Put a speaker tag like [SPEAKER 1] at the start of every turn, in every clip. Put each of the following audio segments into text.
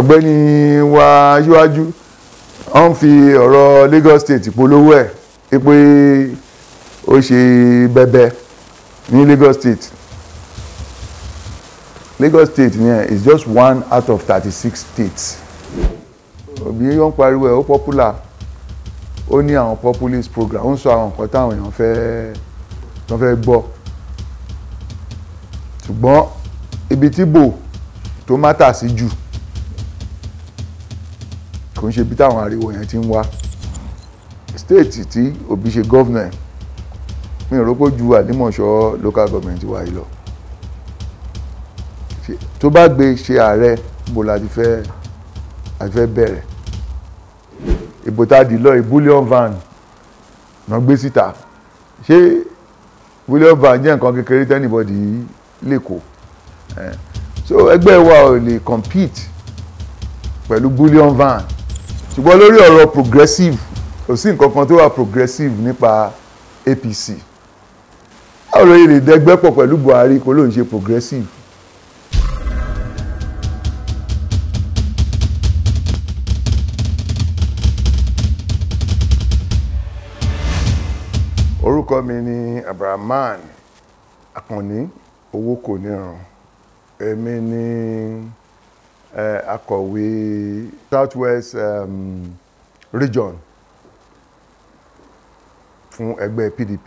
[SPEAKER 1] ọ̀gbẹ́ni wa yíwájú wọ́n ń fi ọ̀rọ̀ Lagos State polówó ẹ̀ pé ó ṣe bẹbẹ ní Lagos State Lagos State yẹn is just one out of thirty six states òbí yóò ń pariwo ẹ̀ ó popular ó ní àwọn populist program ó ń sọ àwọn nǹkan táwọn èèyàn fẹ́ tó fẹ́ gbọ́ ṣùgbọ́n ibi tí bò tó mátà sí jù. Si kò ń ṣe bí táwọn ariwo yẹn ti ń wá stéètì tí òbí ṣe gọ́vnà mi ò rọ́pò ju àlímọ̀ṣọ́ local government wa yìí lọ tó bá gbé ṣe ààrẹ bó la ti fẹ́ a ti fẹ́ bẹ̀rẹ̀ ìbò tá a dì lọ ìbúlíọ̀n van náà gbé síta ṣé ìbúlíọ̀n van jẹ́ nǹkan kékeré tẹ́nìbọ̀dì yìí lẹ́kọ̀ọ́ so ẹgbẹ́ wa ò lè compete pẹ̀lú bullion van ṣùgbọ́n lórí ọ̀rọ̀ progressive kò sí nǹkan kan tó wà progressive nípa APC báwo ló lè dẹgbẹ́ pọ̀ pẹ̀lú Buhari kó ló ṣe progressive. orúkọ mi ni Abdulrahman Akànní owó kò ní ràn èmi ni. Ni akọ̀wé south west um, region fún ẹgbẹ́ PDP.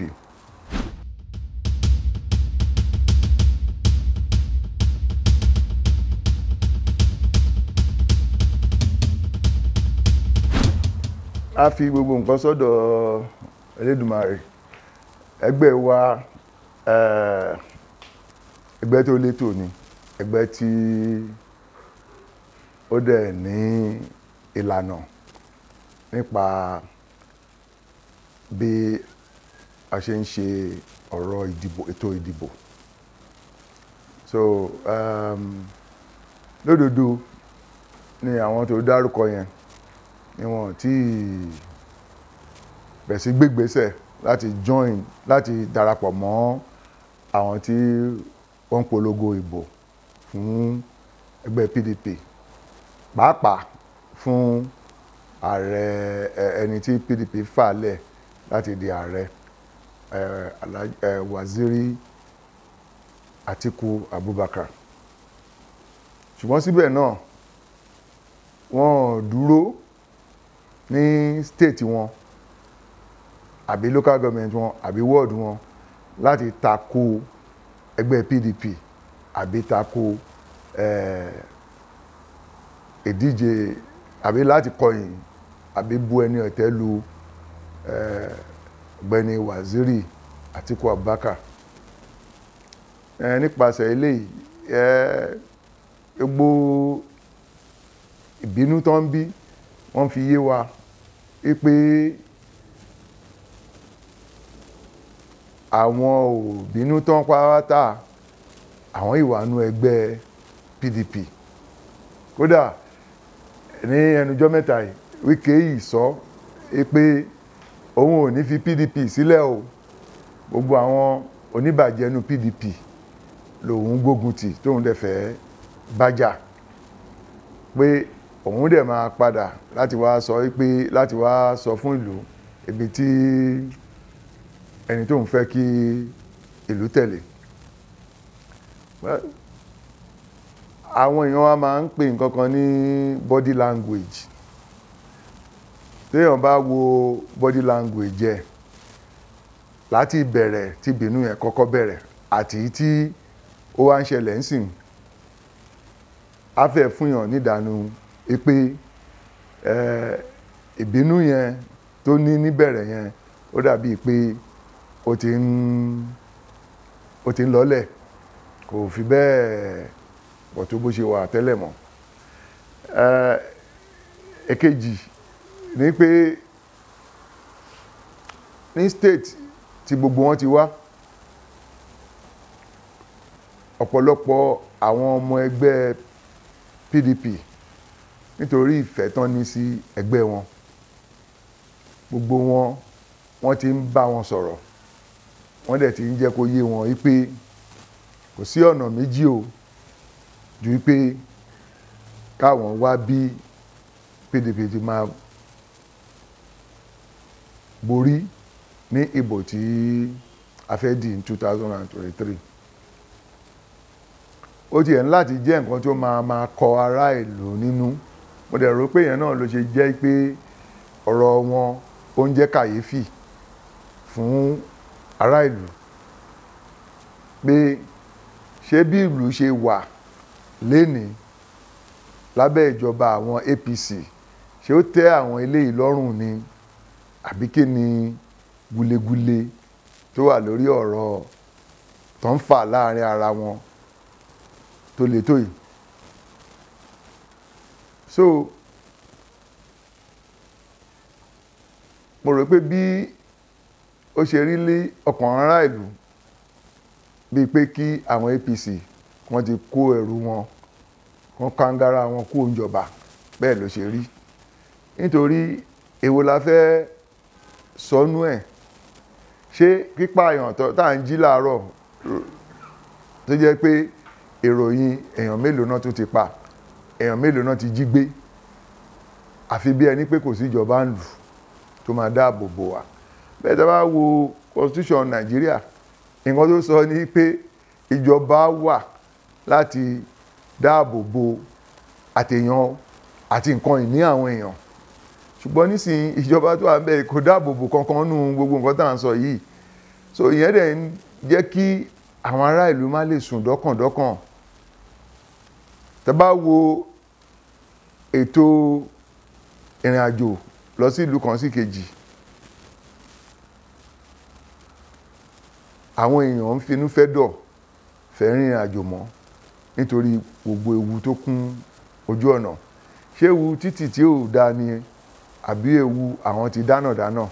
[SPEAKER 1] a fi gbogbo nǹkan sọ́dọ̀ Elédùmarè ẹgbẹ́ wa ẹgbẹ́ tó létò ni ẹgbẹ́ tí. Tí ó dẹ̀ ní ìlànà nípa bí a ṣe ń ṣe ọ̀rọ̀ ìdìbò ètò ìdìbò so um, lódodo ni àwọn tó dárúkọ yẹn ni wọn tí bẹ̀sí gbégbésẹ̀ láti join láti darapọ̀ mọ́ àwọn tí wọ́n ń polongo ìbò fún ẹgbẹ́ PDP pàápàá fún ààrẹ ẹni tí PDP fà lẹ̀ láti di ààrẹ Waziri Atiku Abubakar ṣùgbọ́n síbẹ̀ náà wọ́n dúró ní state wọn àbí local government wọn àbí ward wọn láti tako ẹgbẹ́ PDP àbí tako Eh, ìdíje àbí láti kọ̀yìn àbí bu ẹni ọ̀tẹ̀ lu ọ̀gbẹ́ni Waziri Atiku Abubakar nípasẹ̀ eléyìí gbogbo ìbínú tó ń bí wọ́n fi yé wa pé àwọn ò bínú tán pátá àwọn ìwà nú ẹgbẹ́ PDP kódà ní ẹnujọ́ mẹ́ta yìí Wike yìí sọ pé òun ò ní fi PDP sílẹ̀ o gbogbo àwọn oníbàjẹ́ nu PDP lòun gbógun tì tóun dẹ̀ fẹ́ bájà pé òun dẹ̀ máa padà láti wá sọ pé láti wá sọ fún ìlú ibi tí ẹni tóun fẹ́ kí ìlú tẹ̀lé àwọn èèyàn wa máa ń pè nǹkan kan ní body language téèyàn bá wo body language ẹ̀ láti ìbẹ̀rẹ̀ ti ìbínú yẹn kọ́kọ́ bẹ̀rẹ̀ àti tí ó wá ń ṣẹlẹ̀ ń sìn á fẹ́ fúnyàn nídàánú pé ìbínú yẹn tó ní níbẹ̀rẹ̀ yẹn ó dàbí pé ó ti ń ó ti ń lọ́lẹ̀ kò fi bẹ́ẹ̀ pọ̀ tó bó ṣe wà tẹ́lẹ̀ mọ́ eh, èkejì ni pé ní state tí gbogbo wọn ti wá ọ̀pọ̀lọpọ̀ àwọn ọmọ ẹgbẹ́ PDP nítorí ìfẹ́ tán ní sí ẹgbẹ́ wọn gbogbo wọn wọ́n ti ń bá wọn sọ̀rọ̀ wọ́n dẹ̀ ti ń jẹ́ kó yé wọn wípé kò sí ọ̀nà méjì o ju wípé káwọn wá bí PDP ti máa borí ní ìbò tí a fẹ́ dì ní two thousand and twenty-three ó tiẹ̀ ń láti jẹ́ nǹkan tó máa máa kọ ará ìlú nínú mo dẹ̀ rò pé èèyàn náà ló ṣe jẹ́ pé ọ̀rọ̀ wọn ó ń jẹ́ kàyéfì fún ará ìlú pé ṣé bí ìlú ṣe wà lẹ́ni lábẹ́ ìjọba àwọn APC ṣé ó tẹ́ àwọn eléyìí lọ́rùn ni àbí kí ni gulegule tó wà lórí ọ̀rọ̀ tó ń fà láàrin ara wọn tó le tó yìí. so mo rò pé bí ó ṣe rí lé ọkàn ará ìlú bíi pé kí àwọn APC wọ́n ti kó ẹrù wọn wọ́n kángára wọn kó ìjọba bẹ́ẹ̀ ló ṣe rí nítorí èwo la fẹ́ sọnú ẹ̀ ṣé pípààyàn tó tá à ń jí làárọ̀ tó jẹ́ pé ìròyìn èèyàn mélòó náà tún ti pa èèyàn mélòó náà ti jí gbé àfi bí ẹni pé kò sí ìjọba ń lù tó máa dáàbò bò wá bẹ́ẹ̀ tá a bá wo constitution Nàìjíríà nǹkan tó sọ ni pé ìjọba wà láti dáàbò bo àtèèyàn àti nǹkan ìní àwọn èèyàn ṣùgbọ́n nísìnyí ìjọba tó wà ń bẹ̀ kò dáàbò bo kankan nù gbogbo nǹkan tá à ń sọ yìí so ìyẹn dẹ̀ ń jẹ́ kí àwọn ará ìlú má lè sùn dọ́kàndọ́kàn tẹ́ bá wo ètò ìrìn àjò lọ sí ìlú kan sí kejì àwọn èèyàn ń finú fẹ́ dọ̀ fẹ́ rìnrìn àjò mọ́ nítorí gbogbo ewu tó kún ojú ọ̀nà ṣé ewu títì tí ò dáa ni àbí ewu àwọn ti dáná dáná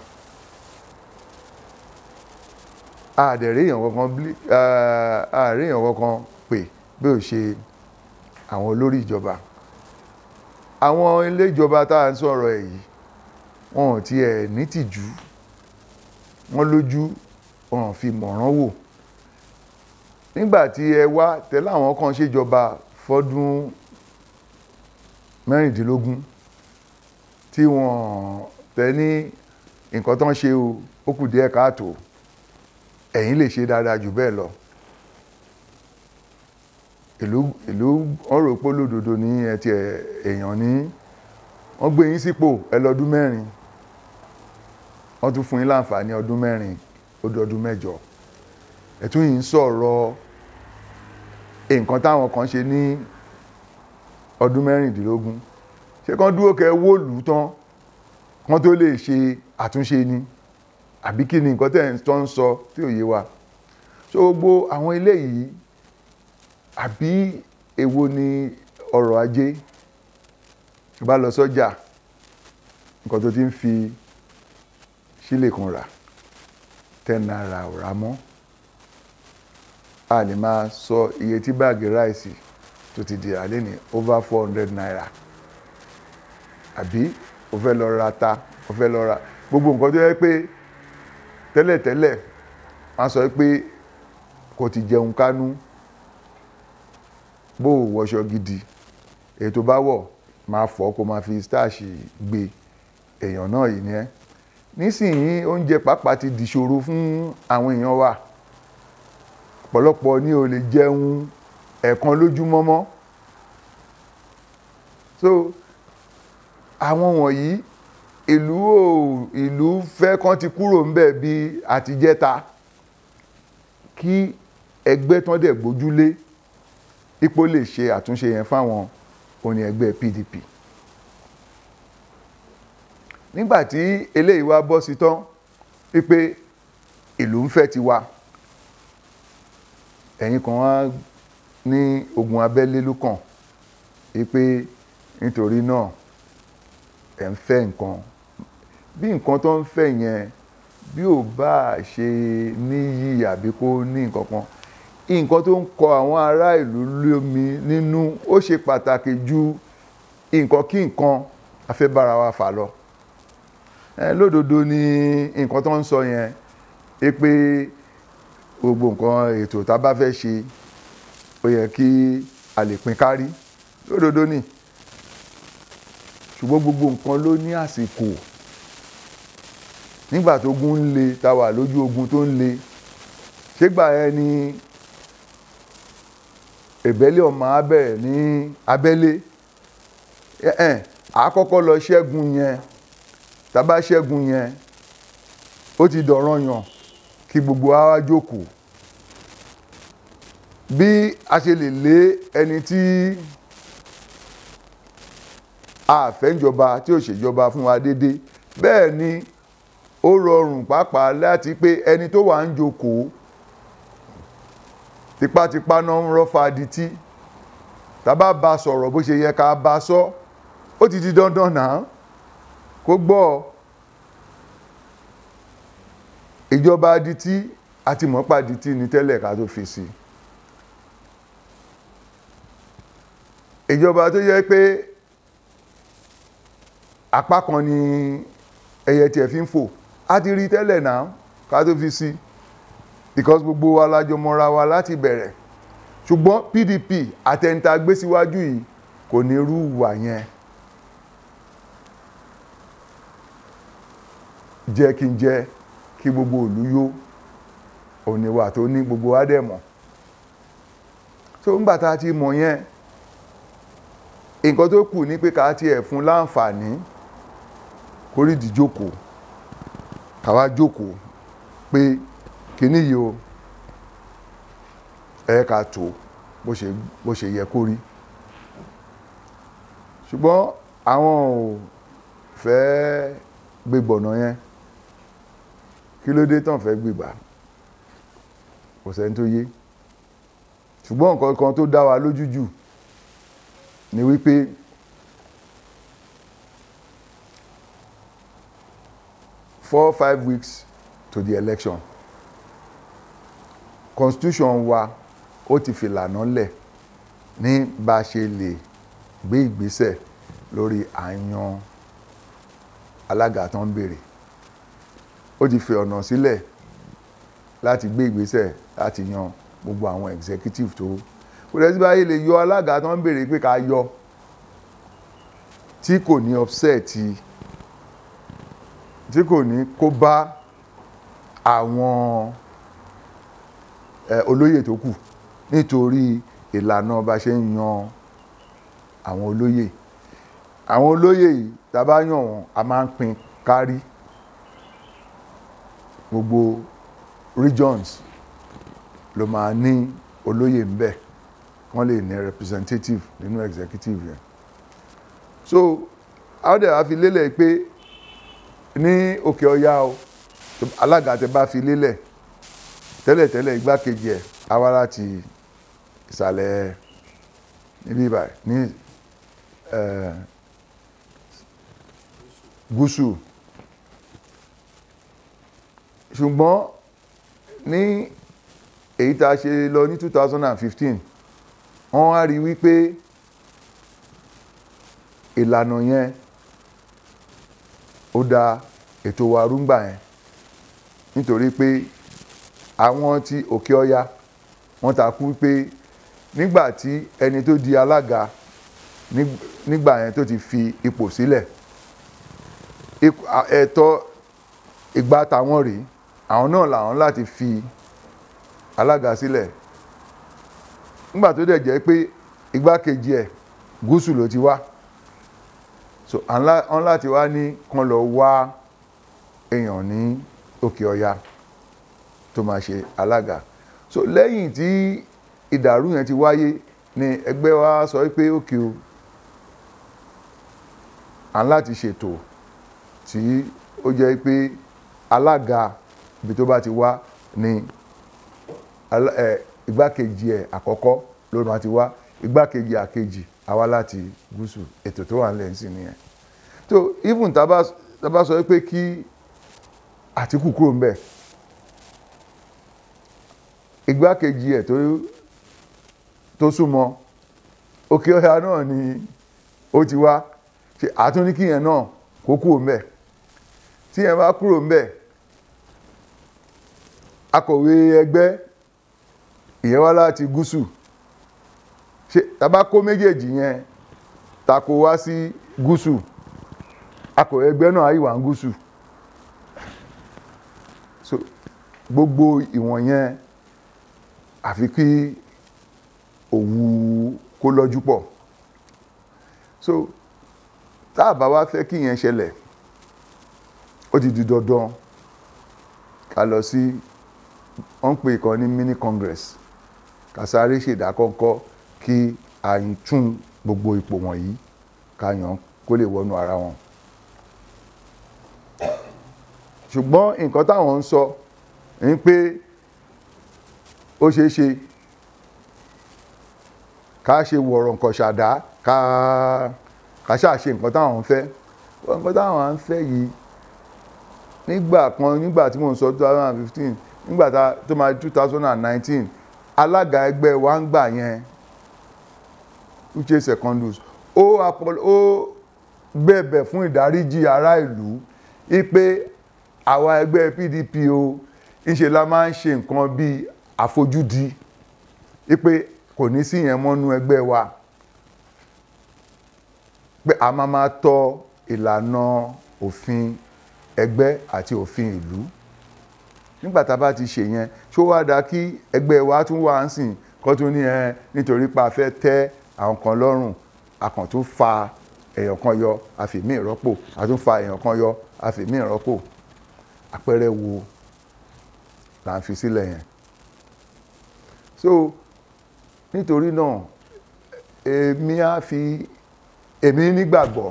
[SPEAKER 1] àdẹ̀rẹ́yàn kankan àdẹ̀rẹ́yàn kankan pè bí ó ṣe àwọn olórí ìjọba àwọn ilé ìjọba tá à ń sọ̀rọ̀ ẹ̀ yìí wọn ò tiẹ̀ nítìjú wọn lójú wọn fi mọ̀ràn wò nígbà tí ẹ wá tẹ̀lé àwọn kan ṣèjọba fọdún mẹ́rìndínlógún tí wọ́n tẹ ní nǹkan tán ṣe o ó kù díẹ̀ káàtó ẹ̀yin lè ṣe dáadáa jù bẹ́ẹ̀ lọ ìlú ìlú ọ̀rọ̀ polódodo ní ẹtì èèyàn ní wọ́n gbé yín sípò ẹ lọ́dún mẹ́rin wọ́n tún fún yín láǹfààní ọdún mẹ́rin ó di ọdún mẹ́jọ ẹ yìí ń sọ̀rọ̀ nǹkan táwọn kan ṣe ní ọdún mẹ́rìndínlógún ṣé kán dúró kẹ wóòlù tán kán tó lè ṣe àtúnṣe ni àbí kí ni nǹkan tẹ̀ ń tọ́ ń sọ tí ò yé wa so gbogbo àwọn eléyìí àbí èwo ni ọrọ̀ ajé tó bá lọ sọ́jà nǹkan tó ti ń fi sílè kan rà ten naira ò mọ́ a lè máa sọ iye tí báàgì ráìsì tó ti dìrà lẹ́ni over four hundred naira àbí o fẹ́ lọ ra ata o fẹ́ lọ ra gbogbo nǹkan tó yẹ pé tẹ́lẹ̀tẹ́lẹ̀ wọ́n sọ pé kò ti jẹun kánú bó o wọṣọ gidi èyí tó bá wọ̀ máa fọ́ kó máa fi stáàṣì gbé èèyàn náà yìí nìyẹn nísìnyí oúnjẹ pàápàá ti dìṣòro fún àwọn èèyàn wa ọ̀pọ̀lọpọ̀ ni ò lè jẹun ẹ̀ẹ̀kan lójúmọ́ mọ́ so àwọn wọ̀nyí ìlú ò ìlú fẹ́ kán ti kúrò ńbẹ̀ bí àtijẹ́ta kí ẹgbẹ́ tán dẹ̀ gbójúlé ipò lè ṣe àtúnṣe yẹn fáwọn òní ẹgbẹ́ PDP nígbàtí eléyìí wá bọ́ sí tán wípé ìlú ń fẹ́ tiwa ẹ̀yin kan wá ní ogun abẹ́lé ló kàn pé nítorí náà ẹ̀ ń fẹ́ nǹkan bí nǹkan tó ń fẹ́ yẹn bí ò bá ṣe níyì àbí kó ní nǹkan kan nǹkan tó ń kọ àwọn ará ìlú lómi nínú ó ṣe pàtàkì ju nǹkan kí nǹkan afẹ́bára wa fà lọ. Eh, lódodo ni nǹkan tó ń sọ yẹn pé gbogbo nǹkan ètò tá a bá fẹ́ ṣe ó yẹ kí a lè pín kárí lódodo ni ṣùgbọ́n gbogbo nǹkan ló ní àsìkò nígbà tó gun ń le ta wà lójú ogun tó ń le ṣégbà yẹn ni ìbẹ́lẹ̀ ọmọ abẹ́rẹ̀ ní abẹ́lé ẹ̀ẹ́n àkọ́kọ́ lọ ṣẹ́gun yẹn tá a bá ṣẹ́gun yẹn ó ti dọ̀ranyàn kí gbogbo wa wá jókòó bí a ṣe lè lé ẹni tí a fẹ́ jọba tí ò ṣèjọba fún wa dédé bẹ́ẹ̀ ni ó rọrùn pàápàá láti pé ẹni tó wà ń jókòó tipátipá náà ń rọ́fà dití tàbá bá sọ̀rọ̀ bó ṣe yẹ ká bá sọ ó ti di dandan náà kó gbọ́ ọ ìjọba adití àti mọ́pá adití ni tẹ́lẹ̀ ká tó fi sí ìjọba tó yẹ pé apá kan ni ẹyẹ tiẹ̀ fi ń fò á ti rí tẹ́lẹ̀ náà ká tó fi sí because gbogbo wa lájọ mọ́ra wa láti bẹ̀rẹ̀ ṣùgbọ́n PDP àtẹ̀ǹta gbé síwájú yìí kò ní irú ìwà yẹn jẹ́ kí n jẹ́ kí gbogbo ìlú yó òníwà tó ní gbogbo wa dẹ̀ mọ̀ so ńgbà tá a ti mọ̀ yẹn nǹkan tó kù ni pé ká tiẹ̀ fún láǹfààní kórìdì jókòó káwá jókòó pé kíní yìí o ẹ ká tó bó ṣe yẹ kó ṣùgbọ́n àwọn ò fẹ́ gbégbọ̀nà yẹn kí ló dé tán fẹ́ gbìgbà kò sẹ́ni tó yé ṣùgbọ́n nǹkan kan tó dá wa lójú jù ni wípé four five weeks to the election constitution wa ó ti fìlànà lẹ̀ ní bá a ṣe lè gbé ìgbésẹ̀ lórí àyàn alága tó ń béèrè ó ti fi ọ̀nà sílẹ̀ láti gbé ìgbésẹ̀ láti yan gbogbo àwọn executive tó kò lẹ́sí báyìí lè yọ alága tó ń béèrè pé ká yọ tí kò ní upset tí kò ní kó bá àwọn olóyè tó kù nítorí ìlànà bá ṣe ń yan àwọn olóyè àwọn olóyè yìí tá a bá yàn wọ́n a máa ń pín kárí gbogbo regions ló máa ní olóyè ń bẹ wọ́n lè ní representative nínú executive yẹn so àwọn ẹ̀rọ fi lélẹ̀ pé ní òkè ọ̀yá o alága tẹ bá fi lélẹ̀ tẹ́lẹ̀tẹ́lẹ̀ igbákejì ẹ̀ awara ti ìsàlẹ̀ níbí báyìí ní eh, gúúsù. Uh, ṣùgbọ́n ní èyí tá a ṣe lọ ní 2015 wọ́n wá rí wípé ìlànà yẹn ó da ètò wa rúngbà yẹn nítorí pé àwọn ti òkè ọya wọ́n takú pé nígbà tí ẹni tó di alága nígbà yẹn tó ti fi ipò sílẹ̀ ẹ̀tọ́ ìgbà tàwọn rèé àwọn náà làwọn láti fi alága sílẹ̀ nígbà tó dẹ̀ jẹ́ pé igbákejì ẹ̀ gúúsù ló ti wá so àwọn láti wá ní kan lọ wá èèyàn ní òkè ọya tó máa ṣe alága so lẹ́yìn tí ìdàrú yẹn ti wáyé ni ẹgbẹ́ wa sọ pé òkè o à ń láti ṣètò tí ó jẹ́ pé alága ibi tó bá ti wá ni igbákejì ẹ̀ àkọ́kọ́ ló máa ti wá igbákejì àkejì àwa láti gúúsù ètò tó wà ń lẹ́yìn sí nìyẹn so even tá a bá sọ pé kí Àtíkù kúrò ń bẹ̀ igbákejì ẹ̀ tó súnmọ́ òkè ọ̀yà náà ni ó ti wá ṣe àtúndí kíyẹn náà kó kúrò ń bẹ̀ tíyẹn bá kúrò ń bẹ̀ akọ̀wé ẹgbẹ́ ìyẹn wá láti gúúsù ṣe tàbá kó méjèèjì yẹn tako wá sí gúúsù akọ̀wé ẹgbẹ́ náà àyíwá ń gúúsù so gbogbo ìwọ̀n yẹn àfi kí òwú kó lọ́jú pọ̀ so tá a bá wá fẹ́ kí yẹn ṣẹlẹ̀ ó ti di dandan ká lọ sí. Si wọ́n ń pè ní mini congress kàsáré ṣèdákọ́kọ́ kí àyùntún gbogbo ipò wọ̀nyí kàyàn kó lè wọnú ara wọn. ṣùgbọ́n nǹkan táwọn ń sọ ni pé ó ṣeé ṣe ká ṣe wọ̀rọ̀ nǹkan ṣàdá ká ká ṣáà ṣe nǹkan táwọn ń fẹ́ nǹkan táwọn ń fẹ́ yìí nígbà kan nígbà tí mò ń sọ 2015 nígbàtà tó máa two thousand and nineteen alága ẹgbẹ́ wa ń gbà yẹn uche secondus ó ó bẹ̀bẹ̀ fún ìdáríjì ará ìlú ipe àwa ẹgbẹ́ PDP o ńṣe la máa ń ṣe nǹkan bíi àfojúdi ipe kò ní sí yẹn mọ́nú ẹgbẹ́ wa pé a máa máa tọ ìlànà òfin ẹgbẹ́ àti òfin ìlú nígbà tá a bá ti ṣe yẹn ṣó wá dáa kí ẹgbẹ́ wa tún wá ń sìn kó tún ní ẹ nítorí pa fẹ́ tẹ́ àwọn kan lọ́rùn akàn tún fa èèyàn kan yọ àfìmí ìrọ́pò àtún fa èèyàn kan yọ àfìmí ìrọ́pò àpẹẹrẹ wo là ń fi sílẹ̀ yẹn so nítorí náà èmi á fi èmi nígbàgbọ́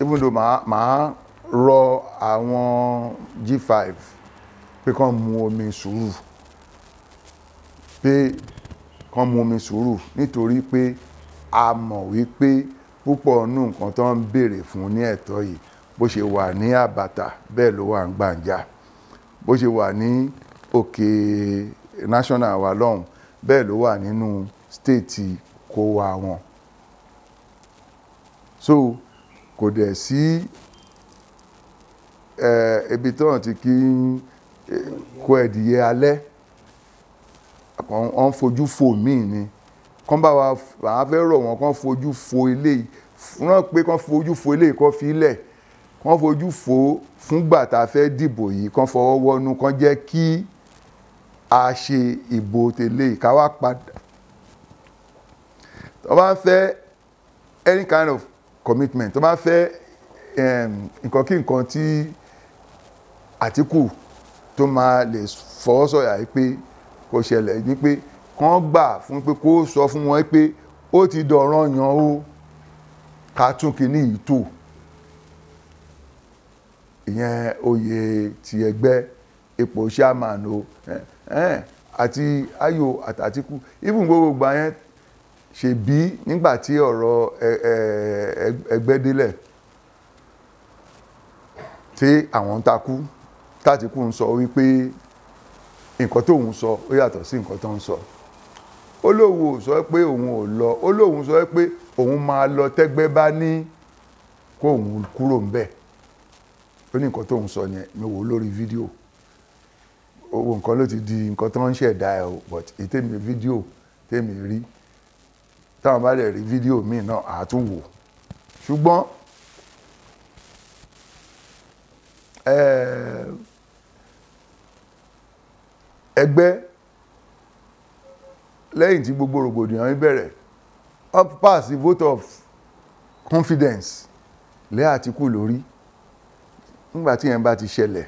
[SPEAKER 1] even though màá màá rọ àwọn G5 pé kán mu omi sùúrù pé kán mu omi sùúrù nítorí pé a mọ̀ wípé púpọ̀ nù nǹkan tó ń béèrè fún ní ẹ̀tọ́ yìí bó ṣe wà ní àbàtà bẹ́ẹ̀ ló wà ń gbàǹjà bó ṣe wà ní òkè national wa lọ́hùn bẹ́ẹ̀ ló wà nínú stéètì kó wa wọn so kò dẹ̀ sí ibi tó hàn ti kí kó ẹ̀dìyẹ alẹ́ wọ́n fojú fò míì ni kán bá wa àwọn afẹ́ rọ̀ wọ́n kán fojú fò ilé rán pé kán fojú fò ilé kán fi ilẹ̀ kán fojú fò fúngbà tá a fẹ́ dìbò yìí kán fọwọ́ wọnú kán jẹ́ kí a ṣe ìbò tẹ́lẹ̀ ká wá padà tó bá ń fẹ́ any kind of commitment tó bá ń fẹ́ nǹkan kí nǹkan tí. Àtíkù tó máa lè fọwọ́ sọ̀yà pé kò ṣẹlẹ̀ ní pé kán gbà fún pé kó sọ fún wọn pé ó ti dọ̀ràn yàn ó ká tún kíní yìí tò ìyẹn oyè ti ẹgbẹ́ ipò chairman o àti Ayọ̀ àtàtìkù even gbogbo gbà yẹn ṣèbí nígbà tí ọ̀rọ̀ ẹgbẹ́ délẹ̀ tí àwọn takú tàtíkù ń sọ wípé nǹkan tóun sọ ó yàtọ̀ sí nǹkan tó ń sọ ó lóun ò sọ pé òun ò lọ ó lóun sọ pé òun máa lọ tẹ́gbẹ́ bá ní kó òun kúrò ń bẹ̀ ó ní nǹkan tóun sọ yẹn mi wò lórí fídíò owó nǹkan ló ti di nǹkan tó ń ṣẹ̀dá ẹ̀ o but ìtẹ́mi fídíò tẹ́mi rí táwọn bá dẹ̀ rí fídíò míì náà àá tún wò ṣùgbọ́n ẹ̀ẹ́ ẹgbẹ́ lẹ́yìn tí gbogbo rògbòdìyàn yìí bẹ̀rẹ̀ up pass the vote of confidence lẹ́ àtìkù lórí nígbà tí yẹn bá ti ṣẹlẹ̀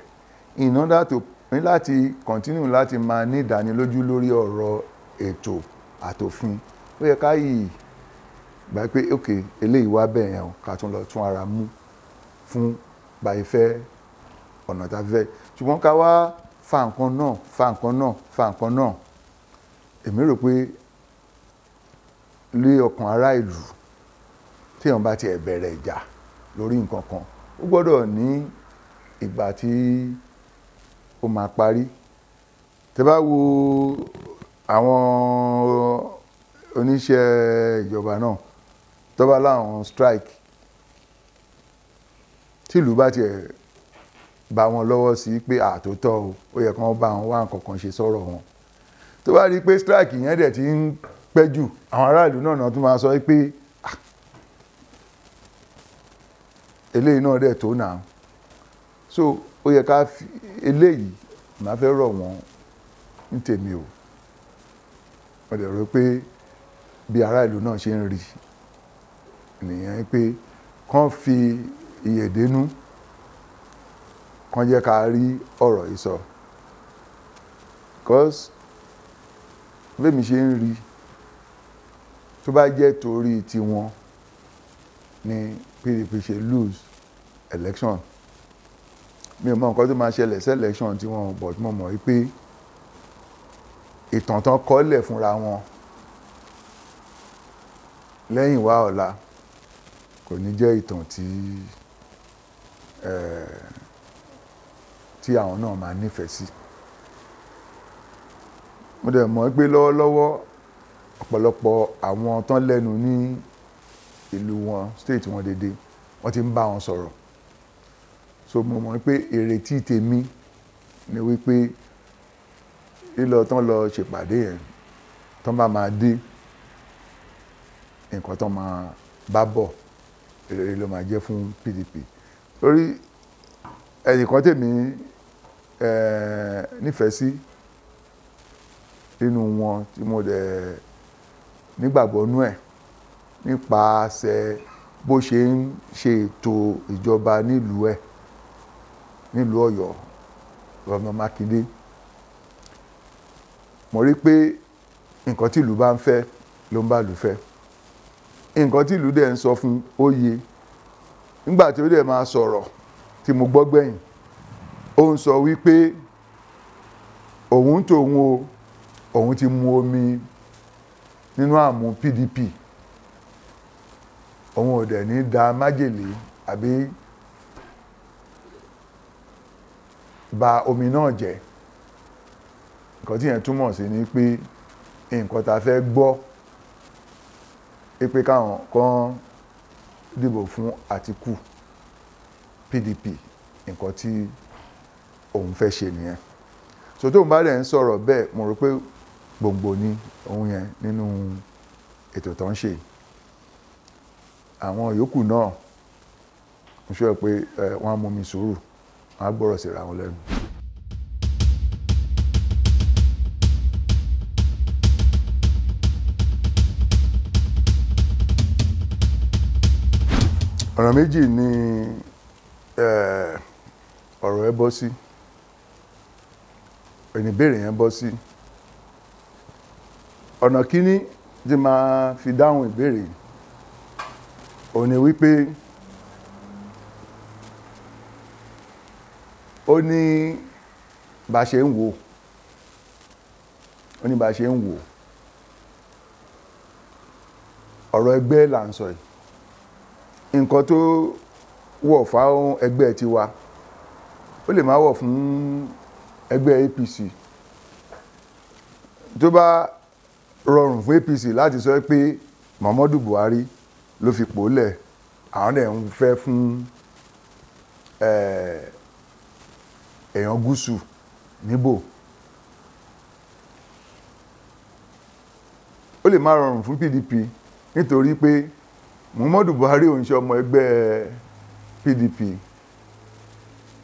[SPEAKER 1] in order to ní láti continue láti máa ní ìdánilójú lórí ọ̀rọ̀ ètò àtòfin ó yẹ ká yìí gbà pé ok eléyìí wá bẹ́ẹ̀ yẹn ká tún lọ tún ara mú fún báyìí ọ̀nà tá a fẹ́ ṣùgbọ́n ká wá fa nǹkan náà fa nǹkan náà fa nǹkan náà èmi rò pé lé ọkàn ará ìlú téèyàn bá tiẹ̀ bẹ̀rẹ̀ ìjà lórí nǹkan kan ó gbọ́dọ̀ ní ìgbà tí ó máa parí tẹ́ bá wo àwọn oníṣẹ́ ìjọba náà tó láwọn strike tìlú bá tiẹ̀ bá wọn lọ́wọ́ sí pé àtòtọ́ o ó yẹ kí wọ́n bá wọn wá nǹkan kan ṣe sọ̀rọ̀ wọn tó bá rí i pé strike yẹn dẹ̀ ti ń pẹ́ jù àwọn aráàlú náà náà tún máa sọ pé eléyìí náà dẹ̀ tó náà so ó yẹ ká eléyìí màá fẹ́ rọ̀ wọ́n ní tèmi o mo dẹ̀ rò pé bí aráàlú náà ṣe ń rí nìyẹn pé kán fi ìyẹ̀dẹ́nu kàn jẹ́ ká rí ọ̀rọ̀ yìí sọ because bẹ́ẹ̀mi ṣe ń rí tó bá jẹ́ torí tiwọn ni PDP ṣe lose election mi ò mọ nǹkan tó máa ṣẹlẹ̀ sí election tiwọn but mo mọ̀ wípé ìtàn tán kọ́lẹ̀ fúnra wọn lẹ́yìn wá ọ̀la kò ní jẹ́ ìtàn tí ẹ̀ẹ́. Eh, tí àwọn náà máa nífẹ̀ẹ́ sí mo dẹ̀ mọ̀ pé lọ́wọ́lọ́wọ́ ọ̀pọ̀lọpọ̀ àwọn tán lẹ́nu ní ìlú wọn state wọn dédé wọ́n ti ń bá wọn sọ̀rọ̀ so mo mọ̀ pé ìrètí tèmi ni wípé lílọ tán lọ ṣèpàdé yẹn tán bá máa dé nǹkan tán máa bá bọ̀ èrè ló máa jẹ́ fún PDP lórí ẹnìkan tèmi nífẹ̀ẹ́ sí nínú wọn tí mo dẹ̀ nígbàgbọ́ nú ẹ̀ nípasẹ̀ bó ṣe ń ṣe ètò ìjọba nílùú ẹ̀ nílùú Ọ̀yọ́ Governor Makinde mo rí pé nǹkan tí ìlú bá ń fẹ́ ló ń bá ìlú fẹ́ nǹkan tí ìlú dẹ̀ ń sọ fún ó yẹ nígbà tí ó dẹ̀ máa sọ̀rọ̀ tí mo gbọ́ gbẹ̀yìn ó ń sọ wípé òun tòun o òun ti mu omi nínú àmú PDP òun ò dẹ̀ ní da májèlé àbí bà omi náà jẹ́ nǹkan tí yẹn túmọ̀ sí ni pé nǹkan tá a fẹ́ gbọ́ pé káwọn kan dìbò fún Àtíkù PDP nǹkan tí òun fẹ́ ṣe nìyẹn so tóun bá dẹ̀ ń sọ̀rọ̀ bẹ́ẹ̀ mo rò pé gbòǹgbò ni òun yẹn nínú ètò tó ń ṣe àwọn yòókù náà mo ṣọ́ pé wọ́n á mú mi sùúrù wọ́n á gbọ́rọ̀ síra wọn lẹ́nu. ọ̀nà méjì ni ọ̀rọ̀ ẹ bọ́ sí ẹni béèrè yẹn bọ́ sí ọ̀nà kíní tí máa fi dáhùn ìbéèrè ò ní wípé ó ní bá ṣe ń wò ó ní bá ṣe ń wò ọ̀rọ̀ ẹgbẹ́ là ń sọ yìí nǹkan tó wọ̀ fáwọn ẹgbẹ́ tiwa ó lè má wọ̀ fún ẹgbẹ́ APC tó bá rọrùn fún APC láti sọ pé Muhammadu Buhari ló fi pòólẹ̀ àwọn ẹ̀ ń fẹ́ fún èèyàn gúúsù níbò ó lè má rọrùn fún PDP nítorí pé Muhammadu Buhari òun ṣe ọmọ ẹgbẹ́ PDP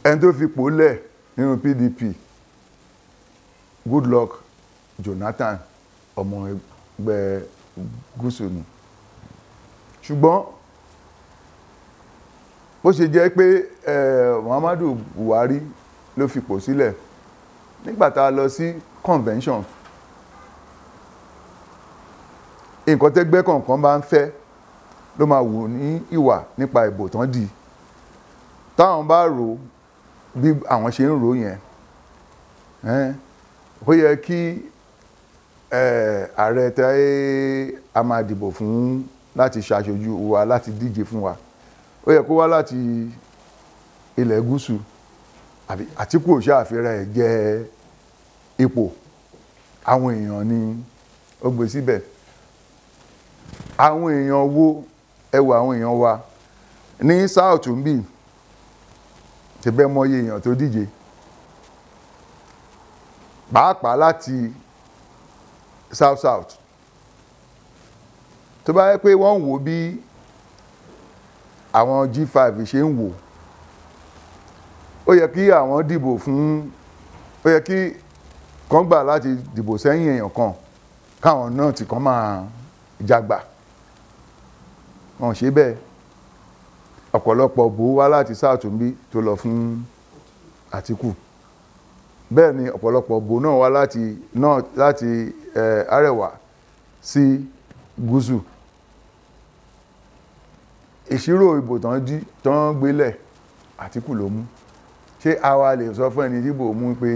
[SPEAKER 1] ẹni tó fi pòólẹ̀ nínú PDP Goodluck Jonathan ọmọ ẹgbẹ́ gúúsù ni ṣùgbọ́n bó ṣe jẹ́ pé Muhammadu Buhari ló fipò sílẹ̀ nígbà tá a lọ sí convention nǹkan tẹ́gbẹ́ kọ̀ọ̀kan bá ń fẹ́ ló máa wù ní ìwà nípa ìbò tán di táwọn bá rò bí àwọn ṣe ń rò yẹn ó yẹ kí ààrẹ tẹ́ a máa dìbò fún láti ṣàṣojú wa láti díje fún wa ó yẹ kó wá láti ilẹ̀ gúúsù àtìkù ò ṣàfihàn ẹ̀ jẹ ipò àwọn èèyàn ni ó gbé síbẹ̀ àwọn èèyàn wo ẹ àwọn èèyàn wa ní south ń bì tẹ́bẹ́ mọyé èèyàn tó díje pàápàá láti south south tó bá yẹ pé wọ́n ń wò bí àwọn G5 ṣe ń wò ó yẹ kí àwọn dìbò fún ó yẹ kí kan gbà láti dìbò sẹ́yìn èèyàn kan káwọn náà ti kàn máa jagbà wọn ṣe bẹ́ẹ̀ ọ̀pọ̀lọpọ̀ bò wá láti sáà tó ń bí tó lọ fún Àtíkù bẹ́ẹ̀ ni ọ̀pọ̀lọpọ̀ ògo náà wá láti náà láti àrẹwà sí gúúsù ìṣirò ìbò tán jí tán gbélẹ̀ Àtíkù ló mú ṣé àwa lè sọ fún ẹni dìbò mú pé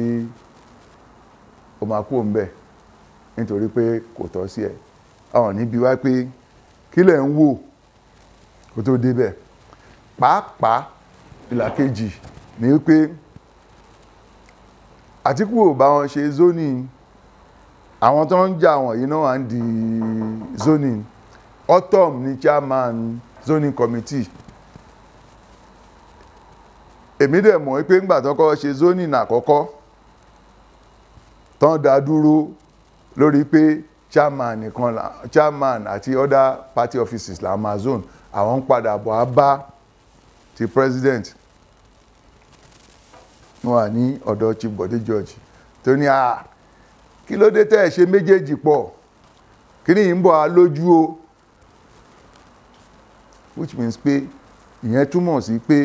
[SPEAKER 1] ó máa kú òun bẹ́ẹ̀ nítorí pé kò tọ́ sí ẹ̀ ọ̀hún níbi wá pé kílẹ̀ ń wò kó tó débẹ̀ pàápàá ìlàkejì ni wípé. Àtíkù ò bá wọn ṣe zoning àwọn tó ń jà wọ̀nyí náà wà ń di zoning autumn ni chairman zoning committee èmi dẹ̀ mọ̀ pé ńgbà tó kọ́ ṣe zoning àkọ́kọ́ tán dá dúró lórí pé chairman nìkan chairman àti other party offices la Amazon, zone àwọn ń padà bọ̀ á bá ti president mo wà ní ọ̀dọ̀ chief Bode George tó ní à ah, kí ló dé tẹ́ ẹ̀ ṣe méjèèjì pọ̀ kí ni ìyìnbọ̀ á lójú o which means pé ìyẹn túmọ̀ sí pé